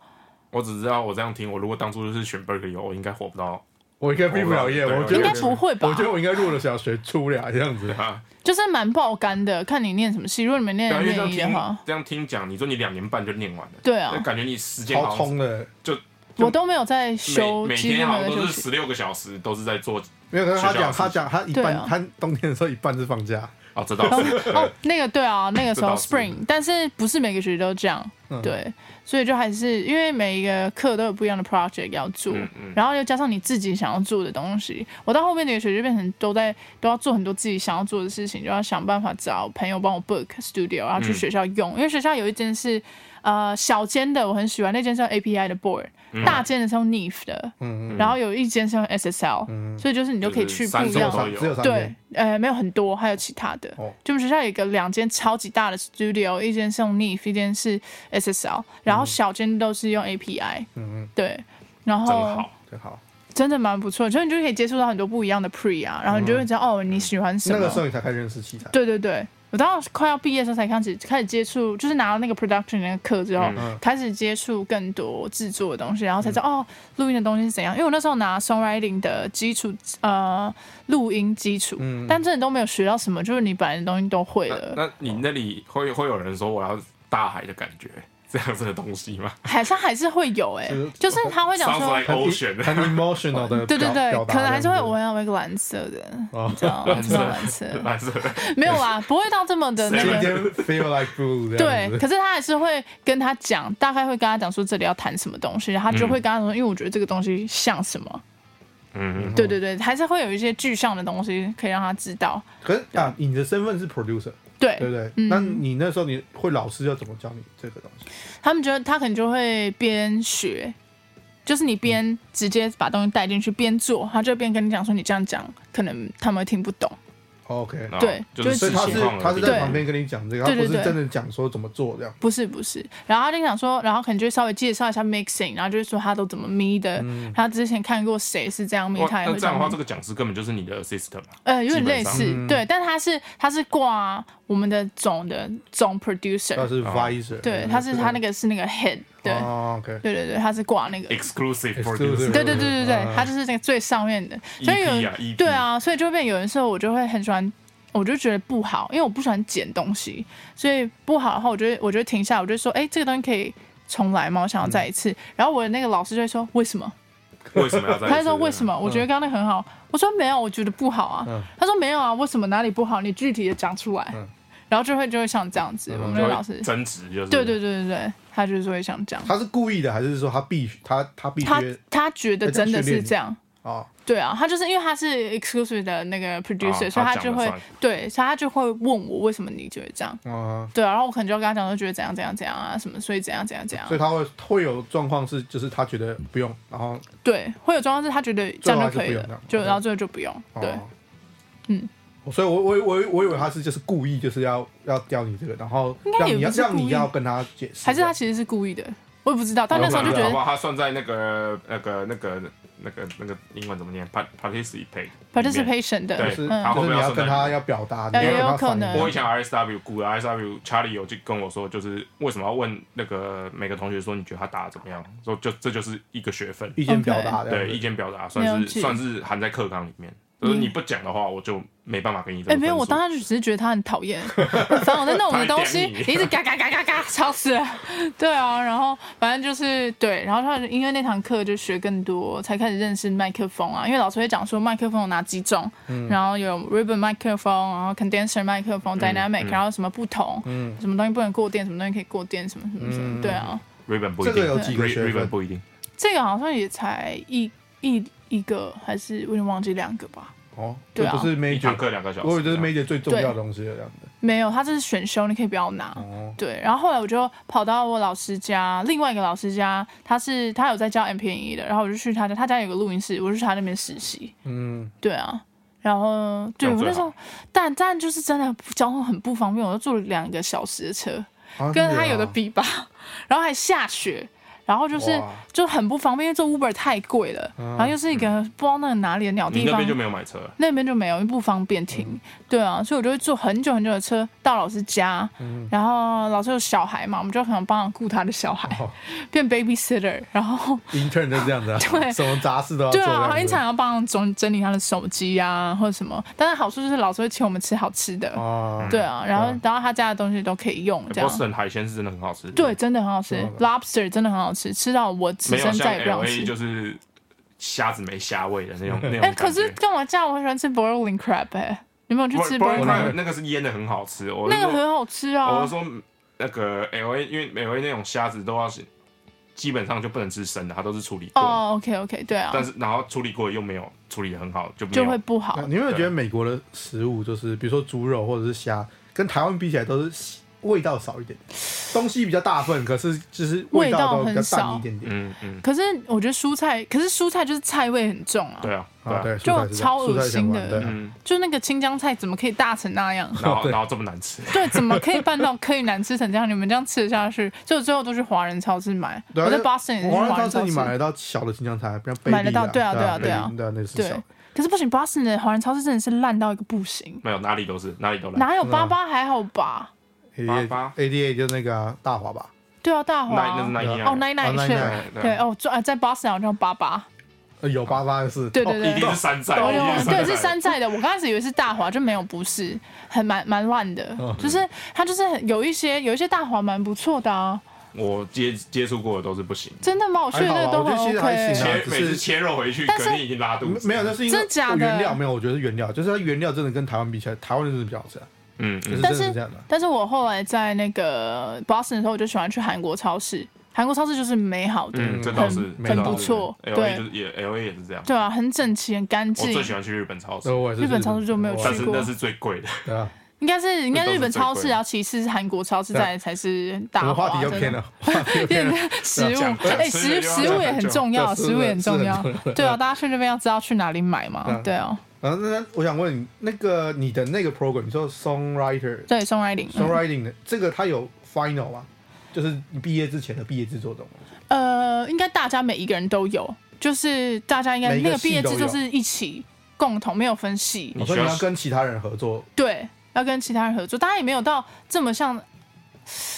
我只知道我這樣聽，我如果當初就是選 Berklee，我應該活不到。我應該畢不了業。oh, right，我覺得應該不會吧？我覺得我應該入了小學 初倆這樣子哈 ，就是蠻爆肝的。看你念什麼系，如果你們念念的話這，這樣聽講，你說你兩年半就念完了。對啊，感覺你時間好空的，就就我都沒有在休，每天好像都是十六個小時，都是在做。沒有，他講，他講，他一半，啊，他冬天的時候一半是放假。哦，這 哦，那個對啊，那個時候 spring，是但是不是每個學期都這樣，嗯，對，所以就還是因為每一個課都有不一樣的 project 要做，嗯嗯，然後又加上你自己想要做的東西，我到後面那個學期變成都在都要做很多自己想要做的事情，就要想辦法找朋友幫我 book studio，然後去學校用，嗯，因為學校有一間是。呃，小間的我很喜歡，那間是用 API 的 board、嗯、大間的用 Neve 的，然後有一間是用 SSL、嗯、所以就是你就可以去不一樣的。對，呃，沒有很多，還有其他的。哦、就我們學校有一個兩間超級大的 Studio，一間是用 Neve 一間是 SSL，然後小間都是用 API 嗯嗯。對。然後。真好，真的蠻不錯，就你就可以接觸到很多不一樣的 Pre 啊，然後你就會知道、嗯、哦，你喜歡什麼。那個時候你才開始認識器材。對對對。我到快要畢業的時候才開始開始接觸，就是拿了那個 production 那個課之後、嗯，開始接觸更多制作的東西，然後才知道、嗯、哦，錄音的東西是怎樣。因為我那時候拿 songwriting 的基礎，呃，錄音基礎、嗯，但這裡都沒有學到什麼，就是你本來的東西都會了。那，那你那裡會會有人說我要大海的感覺？這樣子的東西嗎？還是還是會有誒、欸，就是他會講說很 emotional 的、哦、 對對對，可能還是會我要一個藍色的哦藍色，藍色藍色，藍色 沒有啊，不會到這麼的那個。對，可是他還是會跟他講，大概會跟他講說這裡要談什麼東西，然後他就會跟他說、嗯，因為我覺得這個東西像什麼，嗯，對對對，還是會有一些具象的東西可以讓他知道。可是啊，你的身份是 producer，對對對、對、嗯？那你那時候你會老師要怎麼教你這個東西？他們覺得他可能就會邊學，就是你邊直接把東西帶進去邊做，他就邊跟你講說你這樣講，可能他們會聽不懂。OK，okay. No, 對，就是，所以他，是他是在旁邊跟你講這個，對對對，他不是真的講說怎麼做這樣。不是不是，然後他就講說，然後可能就稍微介紹一下 mixing，然後就是說他都怎麼 mix 的、嗯，他之前看過誰是這樣 mix。那這樣的話，這個講師根本就是你的 assistant 嘛？呃，有點類似，嗯、對，但他是他是掛我們的總的總 producer，他是 visor、哦、對，他是、嗯、他那個是那個 head。對，oh, okay. 對對對，他是掛那個 exclusive producer，對對對對對，他、啊、就是那個最上面的。所以有人啊、EP、對啊，所以就變有的時候我就會很喜歡，我就覺得不好，因為我不喜歡剪東西，所以不好的話我就會，我覺得我覺得停下我就說，哎，這個東西可以重來嗎？我想要再一次。嗯、然後我的那個老師就會說，為什麼？為什麼他就說為什麼？我覺得剛剛那個很好、嗯。我說沒有，我覺得不好啊。嗯、他說沒有啊，為什麼哪裡不好？你具體的講出來。嗯然後就會就會像這樣子，我、嗯、們老師爭執就，就是對對對對對，他就是會像這樣。他是故意的還是說他必他他必須？他他覺得真的是這樣、嗯、對啊，他就是因為他是 exclusive 的那個 producer，、嗯、所以他就會他對，所以他就會問我為什麼你覺得這樣、嗯、對啊，然後我可能就要跟他講，就覺得怎樣怎樣怎樣啊什麼，所以怎樣怎樣怎樣。所以他會會有狀況是，就是他覺得不用，然後對，會有狀況是他覺得這樣就可以了，就然後最後就不用，嗯、對，嗯。所以我，我我我我以為他是就是故意，就是要要教你這個，然後讓你要應該也不是讓你要跟他解釋，還是他其實是故意的，我也不知道。他那時候就覺得，哇，他算在那個那個那個那個那個英文怎麼念？participation，participation 的，Participate Participate 對、嗯，就是你要跟他要表達、嗯嗯，有可能。我以前 RSW Google RSW Charlie 有就跟我說，就是為什麼要問那個每個同學說你覺得他打的怎麼樣？說就這就是一個學分，Okay. Okay. 意見表達，對，意見表達算是算是含在課堂裡面。如果你不講的話，mm. 我就沒辦法跟你分。哎、欸，沒有，我當時就只是覺得他很討厭， 反正我在弄我的東西，他一直嘎嘎嘎嘎嘎，超死。對啊，然後反正就是對，然後他因為那堂課就學更多，才開始認識麥克風啊。因為老師會講說麥克風有哪幾種，然後有 ribbon 麥克風，然後 condenser 麥克風，dynamic，、嗯嗯、然後什麼不同、嗯，什麼東西不能過電，什麼東西可以過電，什麼什麼什麼，對啊。這個、對對 ribbon 不一定。這個有幾個 ribbon 不一定。這個好像也才一一一,一個，還是我有點忘記兩個吧。哦，對啊，不是 major, 一節課兩個小時，我以為這是 major 最重要的東西這樣子。沒有，他這是選修，你可以不要拿。哦，對。然後後來我就跑到我老師家，另外一個老師家，他是他有在教 MPE 的，然後我就去他家，他家有個錄音室，我就去他那邊實習。嗯，對啊。然後對我那時候，但但就是真的交通很不方便，我就坐了兩個小時的車，啊、跟他有個比吧。然後還下雪。然後就是就很不方便，因為坐 Uber 太貴了。嗯、然後又是一個不知道那個哪裡的鳥的地方，那邊就沒有買車，那邊就沒有，因為不方便停，嗯，對啊。所以我就會坐很久很久的車到老師家。嗯、然後老師有小孩嘛，我們就想幫他顧他的小孩，哦、變 babysitter。然後 intern 就是這樣子，啊，對，什麼雜事都要做。對啊，我經常要幫總整理他的手機啊，或者什麼。但是好處就是老師會請我們吃好吃的，嗯、對啊。然後，啊、然後，然後他家的東西都可以用。這樣。波士、欸、頓海鮮是真的很好吃，對，對真的很好吃，lobster 真的很好吃。吃吃到我身在吃生再也不就是蝦子沒蝦味的那種 那種哎、欸，可是幹嘛這樣，我很喜歡吃 boiling crab，、欸、有沒有去吃 boiling crab？那個是醃的，很好吃。我那個、那個、很好吃哦、啊，我說那個 LA，因為 LA 那種蝦子都要是基本上就不能吃生的，它都是處理過。哦、oh,，OK OK，對啊。但是然後處理過又沒有處理得很好，就就會不好。你有沒有覺得美國的食物就是比如說豬肉或者是蝦，跟台灣比起來都是？味道少一點，點，東西比較大份，可是就是味道很少一點點。可是我覺得蔬菜，可是蔬菜就是菜味很重啊。對啊對啊，就、哦、超噁心的、啊嗯。就那個青江菜怎麼可以大成那樣？然後然後這麼難吃？對，怎麼可以拌到可以難吃成這樣？你們這樣吃得下去？就 最後都去華人超市買。啊、我在 Boston 華人超市，市你買得到小的青江菜，比較便利、啊。買得到？對啊對啊對啊對啊，baby, 對啊，那個對，可是不行 Boston 的華人超市真的是爛到一個不行。沒有哪裡都是哪裡都爛，哪有巴巴還好吧？嗯啊八八 A D A 就那個、啊、大華吧，對啊，大華，哦，Nine Nine 對哦、啊，oh, 9, 9, 對 9, 對對對 oh, 在 Boston 就八八，有八八是，對對對，哦、一定是山寨，對是山寨的。寨的 我剛開始以為是大華，就沒有，不是很蠻蠻爛的， 就是它就是很有一些有一些大華蠻不錯的啊。我接接觸過的都是不行，真的嗎？我去吃的都很 OK，切每次切肉回去肯定已經拉肚子，沒有，那是因為是真的假的？原料沒有，我覺得是原料就是它原料真的跟台灣比起來，台灣的真的比較好吃。嗯，但是，是，是、啊、但是我後來在那個 Boston 的時候，我就喜歡去韓國超市。韓國超市就是美好的，嗯、很是很不錯。啊、L A 也 L A 也是這樣。對啊，很整齊，很乾淨。我最喜歡去日本超市，日本超市就沒有去過。但是那是最貴的，啊、的。應該是應該日本超市，然後其次是韓國超市，再、啊、才是大、啊。我花、OK OK、 食物。哎、啊 啊，食食物也很重要，食物也很重要。對啊，是是對啊 大家去那邊要知道去哪裡買嘛。對啊。對啊，對啊。然後那我想問你，那個你的那個 program，你說 songwriter，對，songwriting，songwriting songwriting 的，嗯、這個它有 final 嗎？就是你畢業之前的畢業製作中？呃，應該大家每一個人都有，就是大家應該那個畢業製就是一起共同沒有分系，你說你要跟其他人合作？對，要跟其他人合作，大家也沒有到這麼像。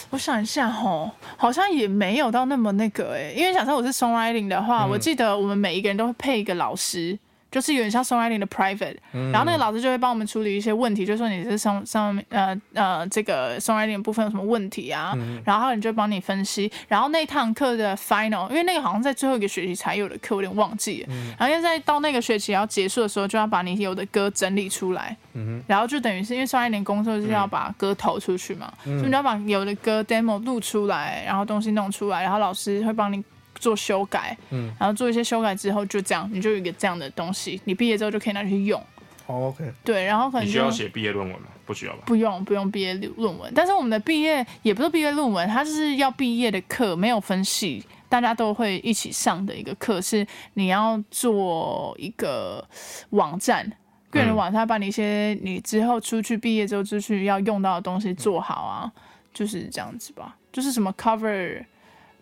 我想一下哦，好像也沒有到那麼那個哎，欸，因為假設我是 songwriting 的話，嗯，我記得我們每一個人都會配一個老師。就是有點像 Songwriting、嗯、的 Private，然後那個老師就會幫我們處理一些問題，就說你是 Song Song 呃呃這個 Songwriting 部分有什麼問題啊，嗯、然後你就幫你分析。然後那堂課的 Final，因為那個好像在最後一個學期才有的課，我有點忘記了。嗯、然後要在到那個學期要結束的時候，就要把你有的歌整理出來。嗯、然後就等於是因為 Songwriting、嗯嗯、工作就是要把歌投出去嘛，就、嗯、你要把有的歌 Demo 錄出來，然後東西弄出來，然後老師會幫你。做修改，嗯，然後做一些修改之後就這樣，你就有一個這樣的東西。你畢業之後就可以拿去用。OK。對，然後可能需要寫畢業論文嗎？不需要吧？不用，不用畢業論文。但是我們的畢業也不是畢業論文，它是要畢業的課，沒有分析。大家都會一起上的一個課，是你要做一個網站，個人網站，把你一些你之後出去畢業之後出去要用到的東西做好啊，嗯、就是這樣子吧？就是什麼 cover。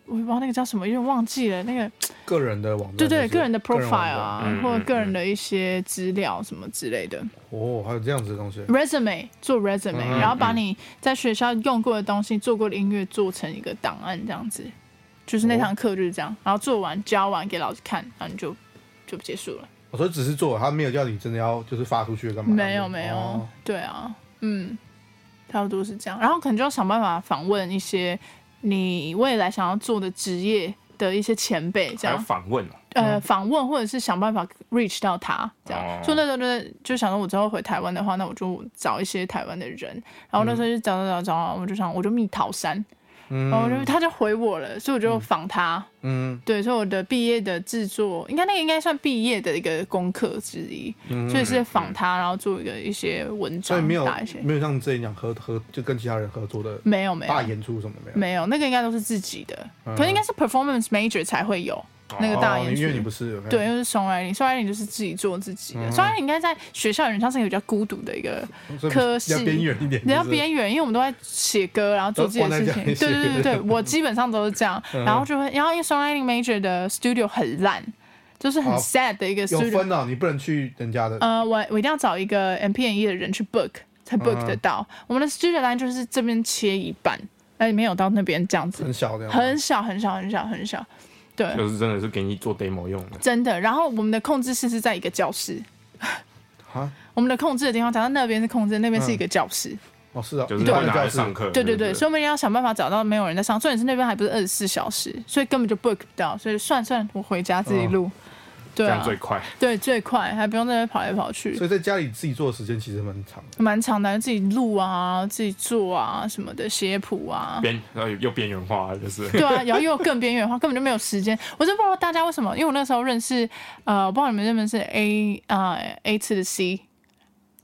我也不知道那個叫什麼，因為忘記了，那個個人的網站是不是？對對，個人的 profile 啊，或者個人的一些資料什麼之類的。哦，還有這樣子的東西。resume 做 resume，嗯嗯，然後把你在學校用過的東西，嗯嗯，做過的音樂做成一個檔案，這樣子，就是那堂課就是這樣，哦，然後做完交完給老師看，然後你就就結束了。我，哦，說只是做，他沒有叫你真的要就是發出去幹嘛。沒有沒有，哦，對啊，嗯，差不多是這樣，然後可能就要想辦法訪問一些你未來想要做的職業的一些前輩，這樣訪問、啊、呃，訪問或者是想辦法 reach 到他，這樣，就那時那，就想到我之後回台灣的話，那我就找一些台灣的人，然後那時候就找找找找，嗯、我就想我就蜜桃山。嗯、哦，然後就他就回我了，所以我就仿他。嗯，對，所以我的畢業的制作，應該那個應該算畢業的一個功課之一，嗯、所以是仿他，然後做一個一些文章。所以沒有大一些沒有像之前講合合就跟其他人合作的，沒有沒有大演出什麼的沒有沒有那個應該都是自己的，可能應該是 Performance Major 才會有。那個大眼對，因、哦、為你不是、okay. 對，又是 Songwriting，Songwriting 就是自己做自己的。Songwriting 應該在學校人，像是一個比較孤獨的一個科系，嗯，比較邊緣一點。比較邊緣，因為我們都在寫歌，然後做自己的事情，哦的。對對對，我基本上都是這樣。嗯、然後就會，然後因為 Songwriting major 的 studio 很爛，就是很 sad 的一個 studio。有分，你不能去人家的。呃，我我一定要找一個 MP&E 的人去 book 才 book 得到。嗯、我們的 studio 爛就是這邊切一半，哎，沒有到那邊這樣子，很小的，很小很小很小很小。很小很小對，就是真的是給你做 demo 用的。真的，然後我們的控制室是在一個教室，我們的控制的地方假設，那邊是控制的，嗯，那邊是一個教室。哦，是啊，就是在那上課。對對對，所以我們要想辦法找到沒有人在上，重點是那邊還不是二十四小時，所以根本就 book 不到，所以算算我回家自己錄。嗯對啊、這樣最快，對，最快，還不用在那跑來跑去。所以在家裡自己做的時間其實蠻長的，蠻長的，自己錄啊，自己做啊什麼的，寫譜啊，邊然後又邊緣化就是，對啊，然後又更邊緣化， 根本就沒有時間。我真不知道大家為什麼，因為我那時候認識，呃，我不知道你們認不認識 A 啊、呃、A 次的 C，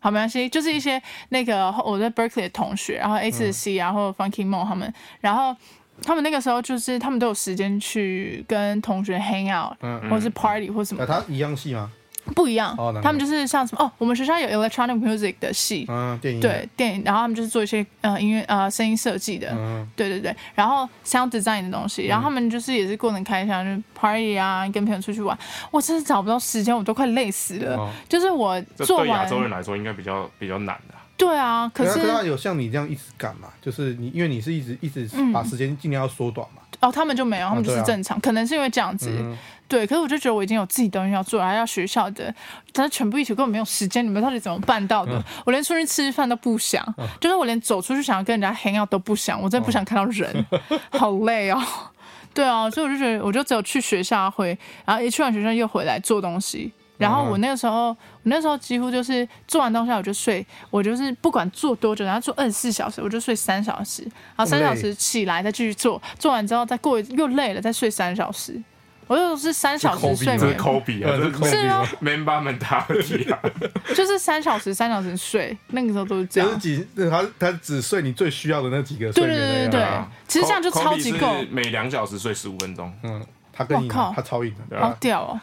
好，沒關係，就是一些那個我在 Berkeley 的同學，然後 A 次的 C，然、啊、後 Funky Mo 他們，嗯、然後。他們那個時候就是，他們都有時間去跟同學 hang out，、嗯、或是 party、嗯、或什麼。那他一樣系嗎？不一樣、哦。他們就是像什麼哦，我們學校有 electronic music 的系。嗯，電影，對，電影，然後他們就是做一些呃音樂呃聲音設計的，嗯，對對對，然後 sound design 的東西，然後他們就是也是過得開心，就是、party 啊，跟朋友出去玩。我、嗯、真是找不到時間，我都快累死了。哦、就是我做完對亞洲人來說應該比較比較難的。對啊可是，可是他有像你這樣一直趕嘛？就是你，因為你是一直一直把時間儘量要縮短嘛、嗯。哦，他們就沒有，他們就是正常、啊啊，可能是因為這樣子、嗯。對，可是我就覺得我已經有自己的東西要做了，還要學校的，但是全部一起，我根本沒有時間。你們到底怎麼辦到的？嗯、我連出去吃飯都不想、嗯，就是我連走出去想要跟人家 hang out 都不想，我真的不想看到人，嗯、好累哦。 對啊，所以我就覺得，我就只有去學校回，然後一去完學校又回來做東西。然後我那個時候，我那時候幾乎就是做完東西我就睡，我就是不管做多久，然後做二十四小時，我就睡三小時，然後三小時起來再繼續做，做完之後再過一，又累了，再睡三小時，我就是三小時睡眠。科比啊，不是啊，man 巴 man 大，就是三 小時三小時睡，那個時候都是這樣。他他只睡你最需要的那幾個睡那。對對對對對，對其實這樣就超級夠。是是每兩小時睡十五分鐘。嗯，他更靠，他超硬、啊，好屌哦。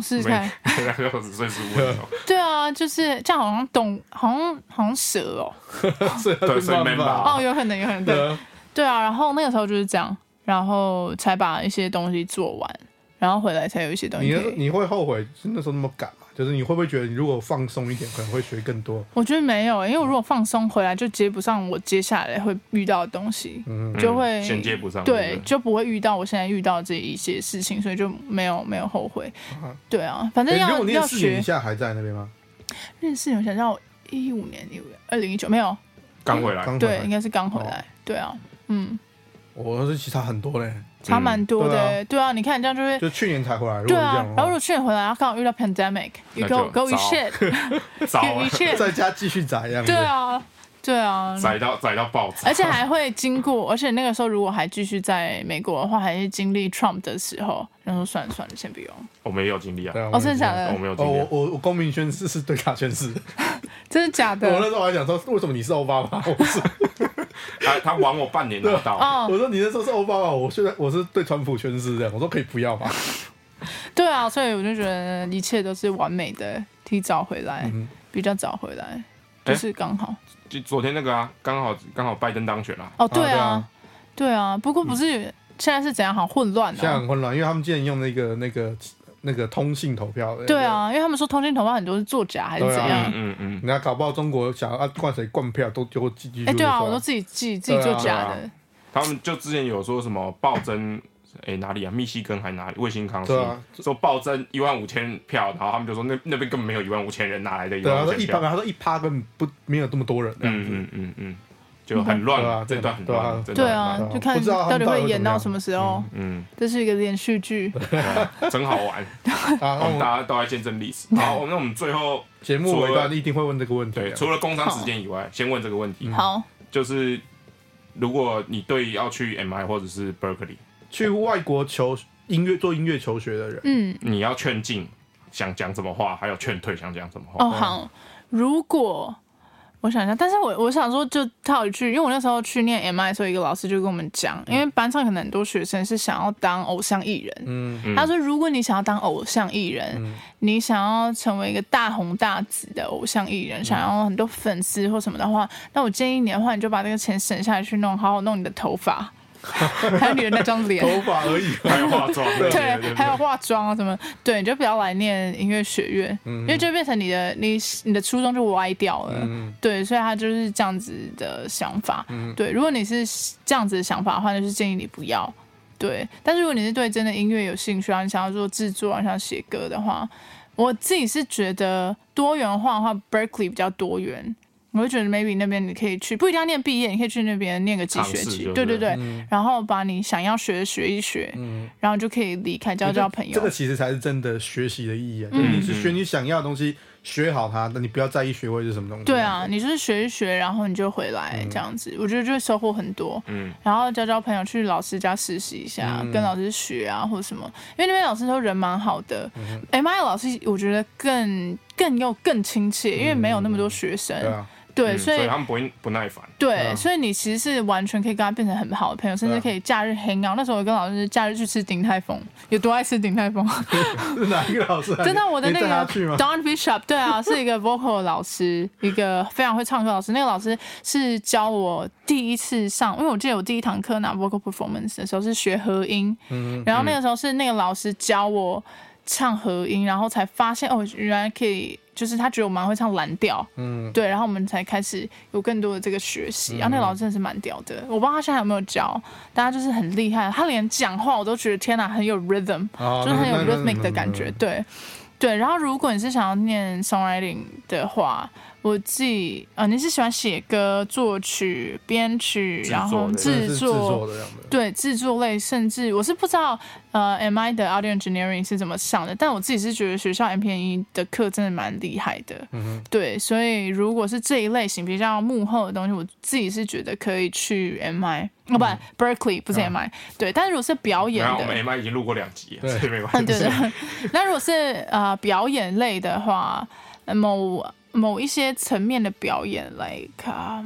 試試看， 對啊，就是這樣，好像懂，好像好像蛇哦、喔 對，是哦、喔，有可能，有可能對對、啊，對啊。然後那個時候就是這樣，然後才把一些東西做完，然後回來才有一些東西你。你會後悔真的是那，那麼趕？就是你會不會覺得，你如果放鬆一點，可能會學更多？我覺得沒有，因為我如果放鬆回來，就接不上我接下來會遇到的東西，嗯，就會銜接不上，對，就不會遇到我現在遇到這一些事情，所以就沒有沒有後悔，對啊，反正要、欸、你要學。一下在還在那邊嗎？認識你，我想知道一五年、二零一九沒有，剛回，回來，對，應該是剛回來、哦，對啊，嗯，我、哦、是其他很多嘞。差蠻多的、嗯對啊，對啊，你看人家這樣就會。就去年才回來，對啊，然後如果去年回來，然後剛好遇到 pandemic，你給我給我一 shit，給一 shit，在家繼續宰羊。對啊，對啊，宰到宰到爆炸，而且還會經過，而且那個時候如果還繼續在美國的話，還是經歷 Trump 的時候，然後算了算了，先不用。我沒有經歷啊，真的、啊啊哦、假的？我沒有經、啊，oh, 我我我公民宣誓是對他宣誓， 真的假的？ 我那時候還想說，為什麼你是歐巴，巴嗎？我是。 他他玩我半年的刀，哦，我說你能說是歐巴嗎？我現在我是對川普全是這樣，我說可以不要嗎？對啊，所以我就覺得一切都是完美的，提早回來，嗯、比較早回來，欸、就是剛好，就昨天那個啊，剛好，剛好拜登當選了，啊。哦對、啊，對啊，對啊，不過不是現在是怎樣好混，哦、很混亂，現在很混亂，因為他們竟然用那個那個。那個通訊投票對對對，對啊，因為他們說通訊投票很多是作假還是怎樣？嗯嗯、啊、嗯，人、嗯、家、嗯、搞不好中國想啊灌誰灌票都丟丟丟丟丟就會自己哎，對啊，我都自己記自己做、啊、假的、啊。他們就之前有說什麼暴增，哎、 欸、哪裡啊，密西根還哪裡？衛星康斯、啊、說暴增一萬五千票，然後他們就說那那邊根本沒有一萬五千人，哪來的？對啊，他說一趴，他說一趴根本不沒有這麼多人。嗯嗯嗯嗯。嗯嗯嗯就很亂了、嗯啊，這段很亂，對啊，對啊，就看到底會演到什麼時候。啊、嗯，這是一個連續劇、嗯嗯，真好玩。 哦、 我們大家都來見證歷史。 好，那我們最後節目尾段一定會問這個問題。對，除了工商時間以外，先問這個問題。好，就是如果你對要去 MI 或者是 Berklee 去外國求音樂、做音樂求學的人，嗯，你要勸進想講什麼話，還有勸退想講什麼話。哦、oh, 嗯，好，如果。我想一下，但是我我想說，就套一句，因為我那時候去念 MI 的時候，一個老師就跟我們講，因為班上可能很多學生是想要當偶像藝人，嗯，嗯，他說如果你想要當偶像藝人，嗯，你想要成為一個大紅大紫的偶像藝人，嗯，想要很多粉絲或什麼的話，那我建議你的話，你就把這個錢省下來去弄，好好弄你的頭髮。 還有你的那張臉，頭髮而已， 還有化妝， 對，對，還有化妝啊，什麼？對，你就不要來念音樂學院，因為就變成你的你你的初衷就歪掉了，嗯、對，所以他就是這樣子的想法，對。如果你是這樣子的想法的話，就是建議你不要，對。但是如果你是對真的音樂有興趣啊，你想要做制作啊，想寫歌的話，我自己是覺得多元化的話，Berklee 比較多元。我就覺得，maybe 那邊你可以去，不一定要念畢業，你可以去那邊念個幾學期，對，對對對、嗯，然後把你想要學學一學、嗯，然後就可以離開交交朋友。嗯、這個其實才是真的學習的意義、啊，嗯就是、你是學你想要的東西，嗯、學好它，但你不要在意學會是什麼東西、嗯。對啊，你就是學一學，然後你就回來這樣子，嗯、我覺得就會收穫很多。嗯，然後交交朋友，去老師家實習一下、嗯，跟老師學啊，或者什麼，因為那邊老師都人蠻好的。MI 老師我覺得更更又更親切，因為沒有那麼多學生。嗯、對啊。對、嗯所，所以他們不會不耐煩。對，對、啊，所以你其實是完全可以跟他變成很好的朋友，甚至可以假日 hang out、啊。那時候我跟老師假日去吃鼎泰豐，有多愛吃鼎泰豐？ 是哪一個老師、啊？真的，我的那個 Don Bishop，對啊，是一個 vocal 老師， 一個非常會唱歌老師。那個老師是教我第一次上，因為我記得我第一堂課拿 vocal performance 的時候是學和音、嗯，然後那個時候是那個老師教我。唱和音，然後才發現哦，原來可以，就是他覺得我蠻會唱藍調，嗯，對，然後我們才開始有更多的這個學習。然、嗯、後、啊、那個老師真的是蠻屌的，我不知道他現在有沒有教，但他就是很厲害。他連講話我都覺得天哪、啊，很有 rhythm，、啊、就是很有 rhythmic 的感覺、嗯嗯嗯嗯嗯嗯嗯嗯。對，對。然後如果你是想要念 songwriting 的話。我自己啊、呃，你是喜歡寫歌、作曲、編曲製作，然後製作，對，製作類，甚至我是不知道呃，M I 的 Audio Engineering 是怎麼上的，但我自己是覺得學校 M P E 的課真的蠻厲害的，嗯哼，對，所以如果是這一類型，比較幕後的東西，我自己是覺得可以去 M I 哦、嗯，不，Berklee 不是 M I、嗯、對，但是如果是表演的，嗯、我們 M I 已經錄過兩集對，沒關係，對 那如果是啊、呃、表演類的話，某。某一些層面的表演，like，、啊、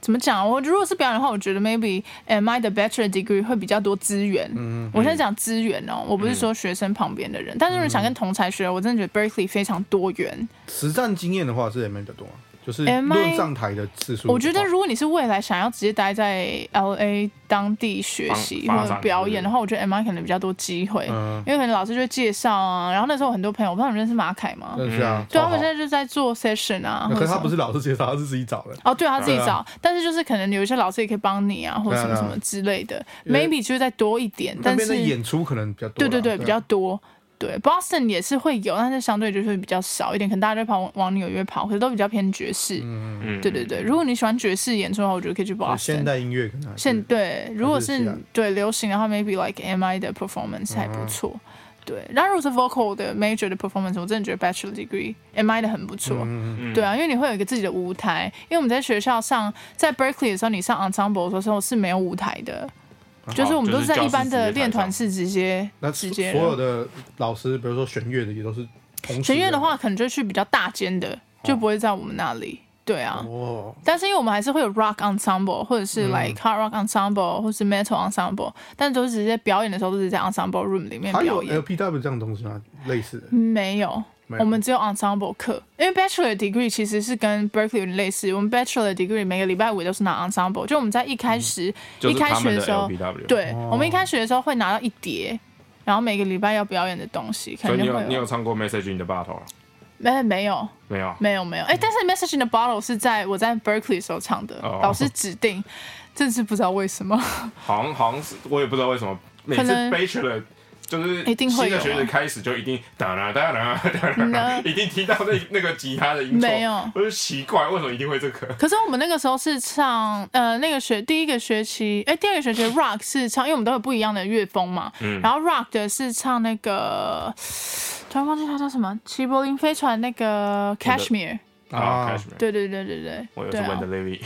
怎麼講？我如果是表演的話，我覺得 maybe，am I the bachelor degree 會比較多資源。嗯，嗯我現在講資源哦、喔，我不是說學生旁邊的人，嗯、但是如果想跟同才學，嗯、我真的覺得 Berklee 非常多元。實戰經驗的話，是也沒得多就是 MI 上台的次數。我覺得如果你是未來想要直接待在 LA 當地學習或者表演的話，我覺得 MI 可能比較多機會、嗯，因為可能老師就介紹啊。然後那時候很多朋友，我不知道你們認識馬凱嗎、嗯？對，啊。對，他們現在就在做 session 啊。嗯、可是他不是老師介紹，他是自己找的。哦，對、啊、他自己找、啊。但是就是可能有一些老師也可以幫你啊，或者什麼什麼之類的、啊啊、，maybe 就再多一點。但是的、那個、演出可能比較多、啊。對對對，對啊、比較多。對，Boston 也是會有，但是相對就是會比較少一點，可能大家都跑往紐約跑，可是都比較偏爵士、嗯。對對對，如果你喜歡爵士演出的話，我覺得可以去 Boston。現代音樂可能可。現對，如果是對流行的話，maybe like MI 的 performance 還不錯、嗯。對，然後如果是 vocal 的 major 的 performance，我真的覺得 Bachelor degree MI 的很不錯、嗯嗯。對啊，因為你會有一個自己的舞台，因為我們在學校上，在 Berklee 的時候，你上 ensemble 的時候是沒有舞台的。就是我們都是在一般的練團室直接，就是、直接。直接那所有的老師，比如說弦樂的也都是同。弦樂的話，可能就去比較大間的、哦，就不會在我們那裡。對啊。哦。但是因為我們還是會有 rock ensemble，或者是 like、嗯、hard rock ensemble，或者是 metal ensemble，但都是直接表演的時候都是在 ensemble room 裡面表演。還有 LPW 這樣的東西嗎？類似的。沒有。我們只有 ensemble 課，因為 bachelor degree 其實是跟 Berklee 有點類似。我們 bachelor degree 每個禮拜五都是拿 ensemble，就我們在一開始，嗯就是、一開始學的時候，對，哦、我們一開始學的時候會拿到一疊，然後每個禮拜要表演的東西。可所以你有你有唱過 Message in the Bottle？沒有沒有沒有沒有，哎、欸，但是 Message in the Bottle 是在我在 Berklee 的時候唱的哦哦，老師指定，真是不知道為什麼，好像，好像我也不知道為什麼，每次 bachelor。就是一定會。新的學生開始就一定噠啦噠啦噠啦，一定提、啊、 到那那個吉他的音 沒有，我就奇怪為什麼一定會這個。可是我們那個時候是唱呃那個學第一個學期，誒、欸、第二個學期 rock 是唱，因為我們都有不一樣的樂風嘛， 然後 rock 的是唱那個突然忘記他叫什麼，齊柏林飛船那個 Cashmere 啊，uh, oh. Cashmere. 對，對，對對對對對，對啊、我有去問 The Living，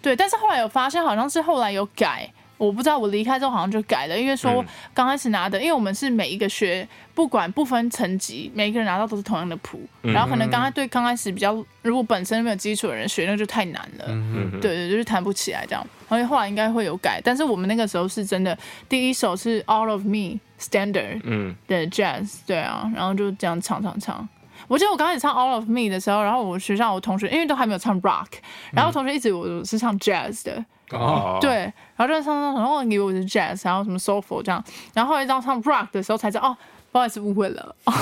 對，但是後來有發現好像是後來有改。我不知道，我離開之後好像就改了，因為說剛開始拿的、嗯，因為我們是每一個學，不管不分層級，每一個人拿到都是同樣的譜、嗯，然後可能剛開對剛開始比較，如果本身沒有基礎的人學，那就太難了，對、嗯嗯嗯、對，就是彈不起來這樣。所以後來應該會有改，但是我們那個時候是真的，第一首是 All of Me Standard、嗯、的 Jazz，對啊，然後就這樣唱唱唱。我記得我剛開始唱 All of Me 的時候，然後我學校我同學因為都還沒有唱 Rock，然後同學一直以為我是唱 Jazz 的。哦，對，哦、然後在唱上上，然後以為我是 jazz，然後什麼 soulful 這樣，然後後來到唱 rock 的時候才知道，哦，不好意思，誤會了。哦、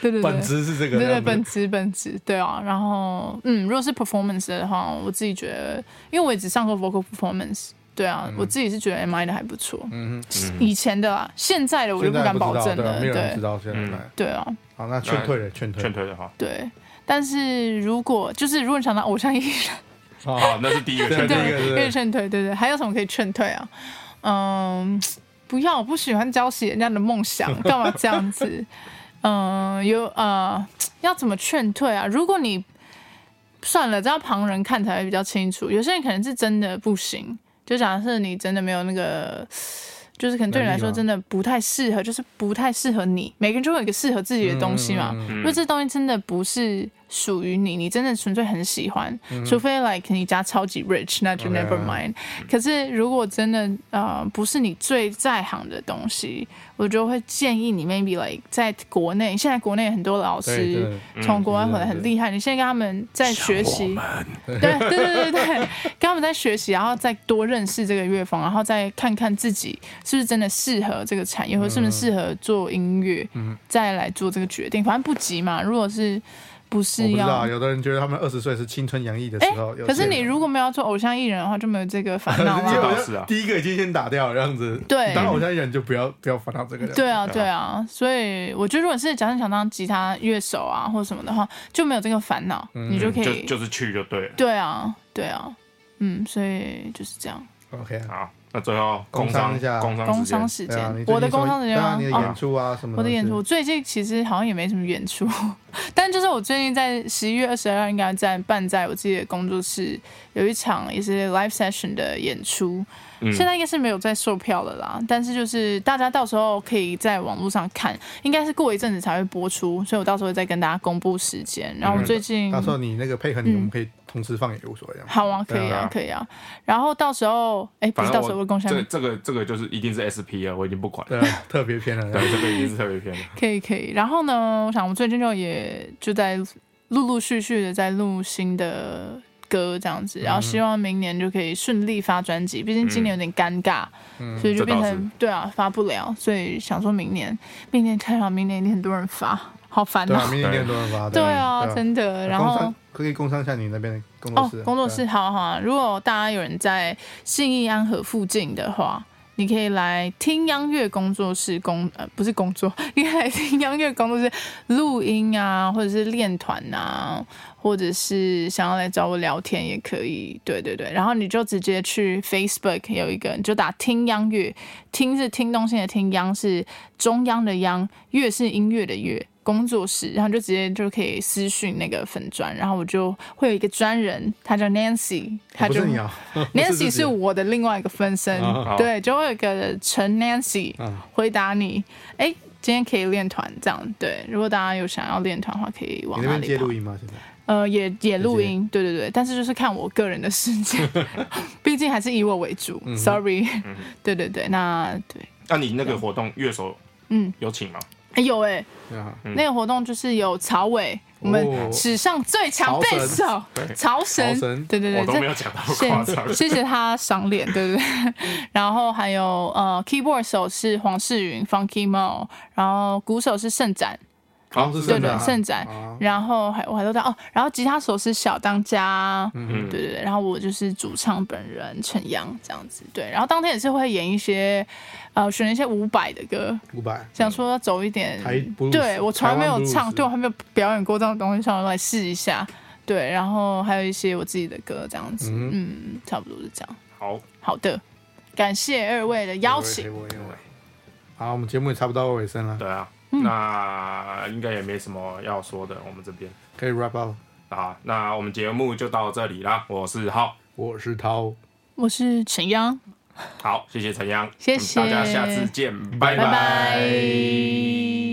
對對對， 本質是這個。對對，本質本質，對啊。然後，嗯，如果是 performance 的話，我自己覺得，因為我也只上過 vocal performance，對啊，嗯、我自己是覺得 MI 的還不錯。嗯哼嗯哼。以前的、啊，現在的我就不敢保證了。對啊、沒有人知道現在、嗯。對啊。好，那勸退了，勸退，勸退了哈。對，但是如果就是如果你想當偶像藝人。啊、哦，那是第一個勸退，第一個可以勸退，對，對對，還有什麼可以勸退啊？嗯，不要，不喜歡澆熄人家的夢想，幹嘛這樣子？ 嗯，有呃，要怎麼勸退啊？如果你算了，只要旁人看起來比較清楚，有些人可能是真的不行，就假設你真的沒有那個，就是可能對你來說真的不太適合，就是不太適合你，每個人都有一個適合自己的東西嘛、嗯嗯，如果這東西真的不是。屬於你，你真的純粹很喜歡。嗯嗯除非 like 你家超級 rich，那就 never mind。嗯嗯可是如果真的呃不是你最在行的東西，我就會建議你 maybe like 在國內。現在國內很多老師從國外回來很厲害，對對對厲害對對你現在跟他們在學習，對對對對對， 跟他們在學習，然後再多認識這個樂風，然後再看看自己是不是真的適合這個產業，嗯、或是不是適合做音樂，嗯嗯再來做這個決定。反正不急嘛，如果是。不是啊，有的人覺得他們二十歲是青春洋溢的時候、欸。可是你如果沒有做偶像藝人的話，就沒有這個煩惱啊。第一個已經先打掉這樣子。對，當偶像藝人就不要不要煩惱這個這樣子、啊。對啊，對啊，所以我覺得如果是假設想當吉他樂手啊或什麼的話，就沒有這個煩惱、嗯，你就可以就，就是去就對了。對啊，對啊，嗯，所以就是這樣。OK，好。那最後工商一下，工商時間、啊，我的工商時間、啊哦，我的演出，我最近其實好像也沒什麼演出， 但就是我最近在十一月二十二號應該在辦在我自己的工作室有一場一些 live session 的演出。嗯、現在應該是沒有在售票了啦，但是就是大家到時候可以在網絡上看，應該是過一陣子才會播出，所以我到時候再跟大家公布時間。然後我最近、嗯嗯、到時候你那個配合你，我們可以同時放也無所謂。好啊，可以啊，啊可以啊，啊。然後到時候，哎、欸，不是到時候會共享嗎？這個、這個這個就是一定是 SP 啊，我已經不管了。對、啊，特別篇了。 對，這個已經是特別篇了。可以可以。然後呢，我想我們最近就也就在陸陸續續的在錄新的。歌這樣子，然後希望明年就可以順利發專輯。畢、嗯、竟今年有點尷尬、嗯，所以就變成、嗯、對啊發不了。所以想說明年，明年太好，明年一定很多人發，好煩啊，啊！明年很多人發，對，對，對啊，真的。然後，然後可以工商一下你那邊工作室，哦，工作室、啊、好好、啊。如果大家有人在信義安和附近的話，你可以來聽央樂工作室工呃不是工作，你可以來聽央樂工作室錄音啊，或者是練團啊。或者是想要來找我聊天也可以，對對對，然後你就直接去 Facebook 有一個，你就打聽央樂，聽是聽東西的聽央，央是中央的央，樂是音樂的樂，工作室，然後就直接就可以私訊那個粉專，然後我就會有一個專人，他叫 Nancy，他就、哦是啊、 Nancy 是我的另外一個分身，對，就會有一個陳 Nancy 回答你，哎、嗯，今天可以練團這樣，對，如果大家有想要練團的話，可以往哪裡？你呃，也也錄音，謝謝，對對對，但是就是看我個人的時間， 畢竟還是以我為主。嗯、Sorry、嗯、對對對，那對，那、啊、你那個活動樂手，嗯，有請嗎？嗯欸、有哎、欸嗯，那個活動就是有曹偉、嗯，我們史上最強貝斯手曹神、神、神，對對對，我都沒有講到，謝謝他賞臉， 對不對，對？然後還有呃，keyboard 手是黃世云 ，Funky Mo，然後鼓手是盛展。是、oh, 對對,對盛展，oh, 盛展 oh. 然後還我還都在哦，oh, 然後吉他手是小當家，嗯、mm -hmm. 對對對，然後我就是主唱本人陳陽這樣子，對，然後當天也是會演一些，呃，選一些伍佰的歌，伍佰，想說走一點，嗯、對我從來沒有唱，對我還沒有表演過這樣的東西，上來試一下，對，然後還有一些我自己的歌這樣子，mm -hmm. 嗯，差不多是這樣，好好的，感謝二位的邀請，好，我們節目也差不多尾聲了，對啊。嗯、那應該也沒什麼要說的，我們這邊可以 wrap up 好，啊，那我們節目就到這裡啦。我是浩，我是濤，我是陳央，好，謝謝陳央，謝謝大家，下次見，拜拜。Bye bye bye bye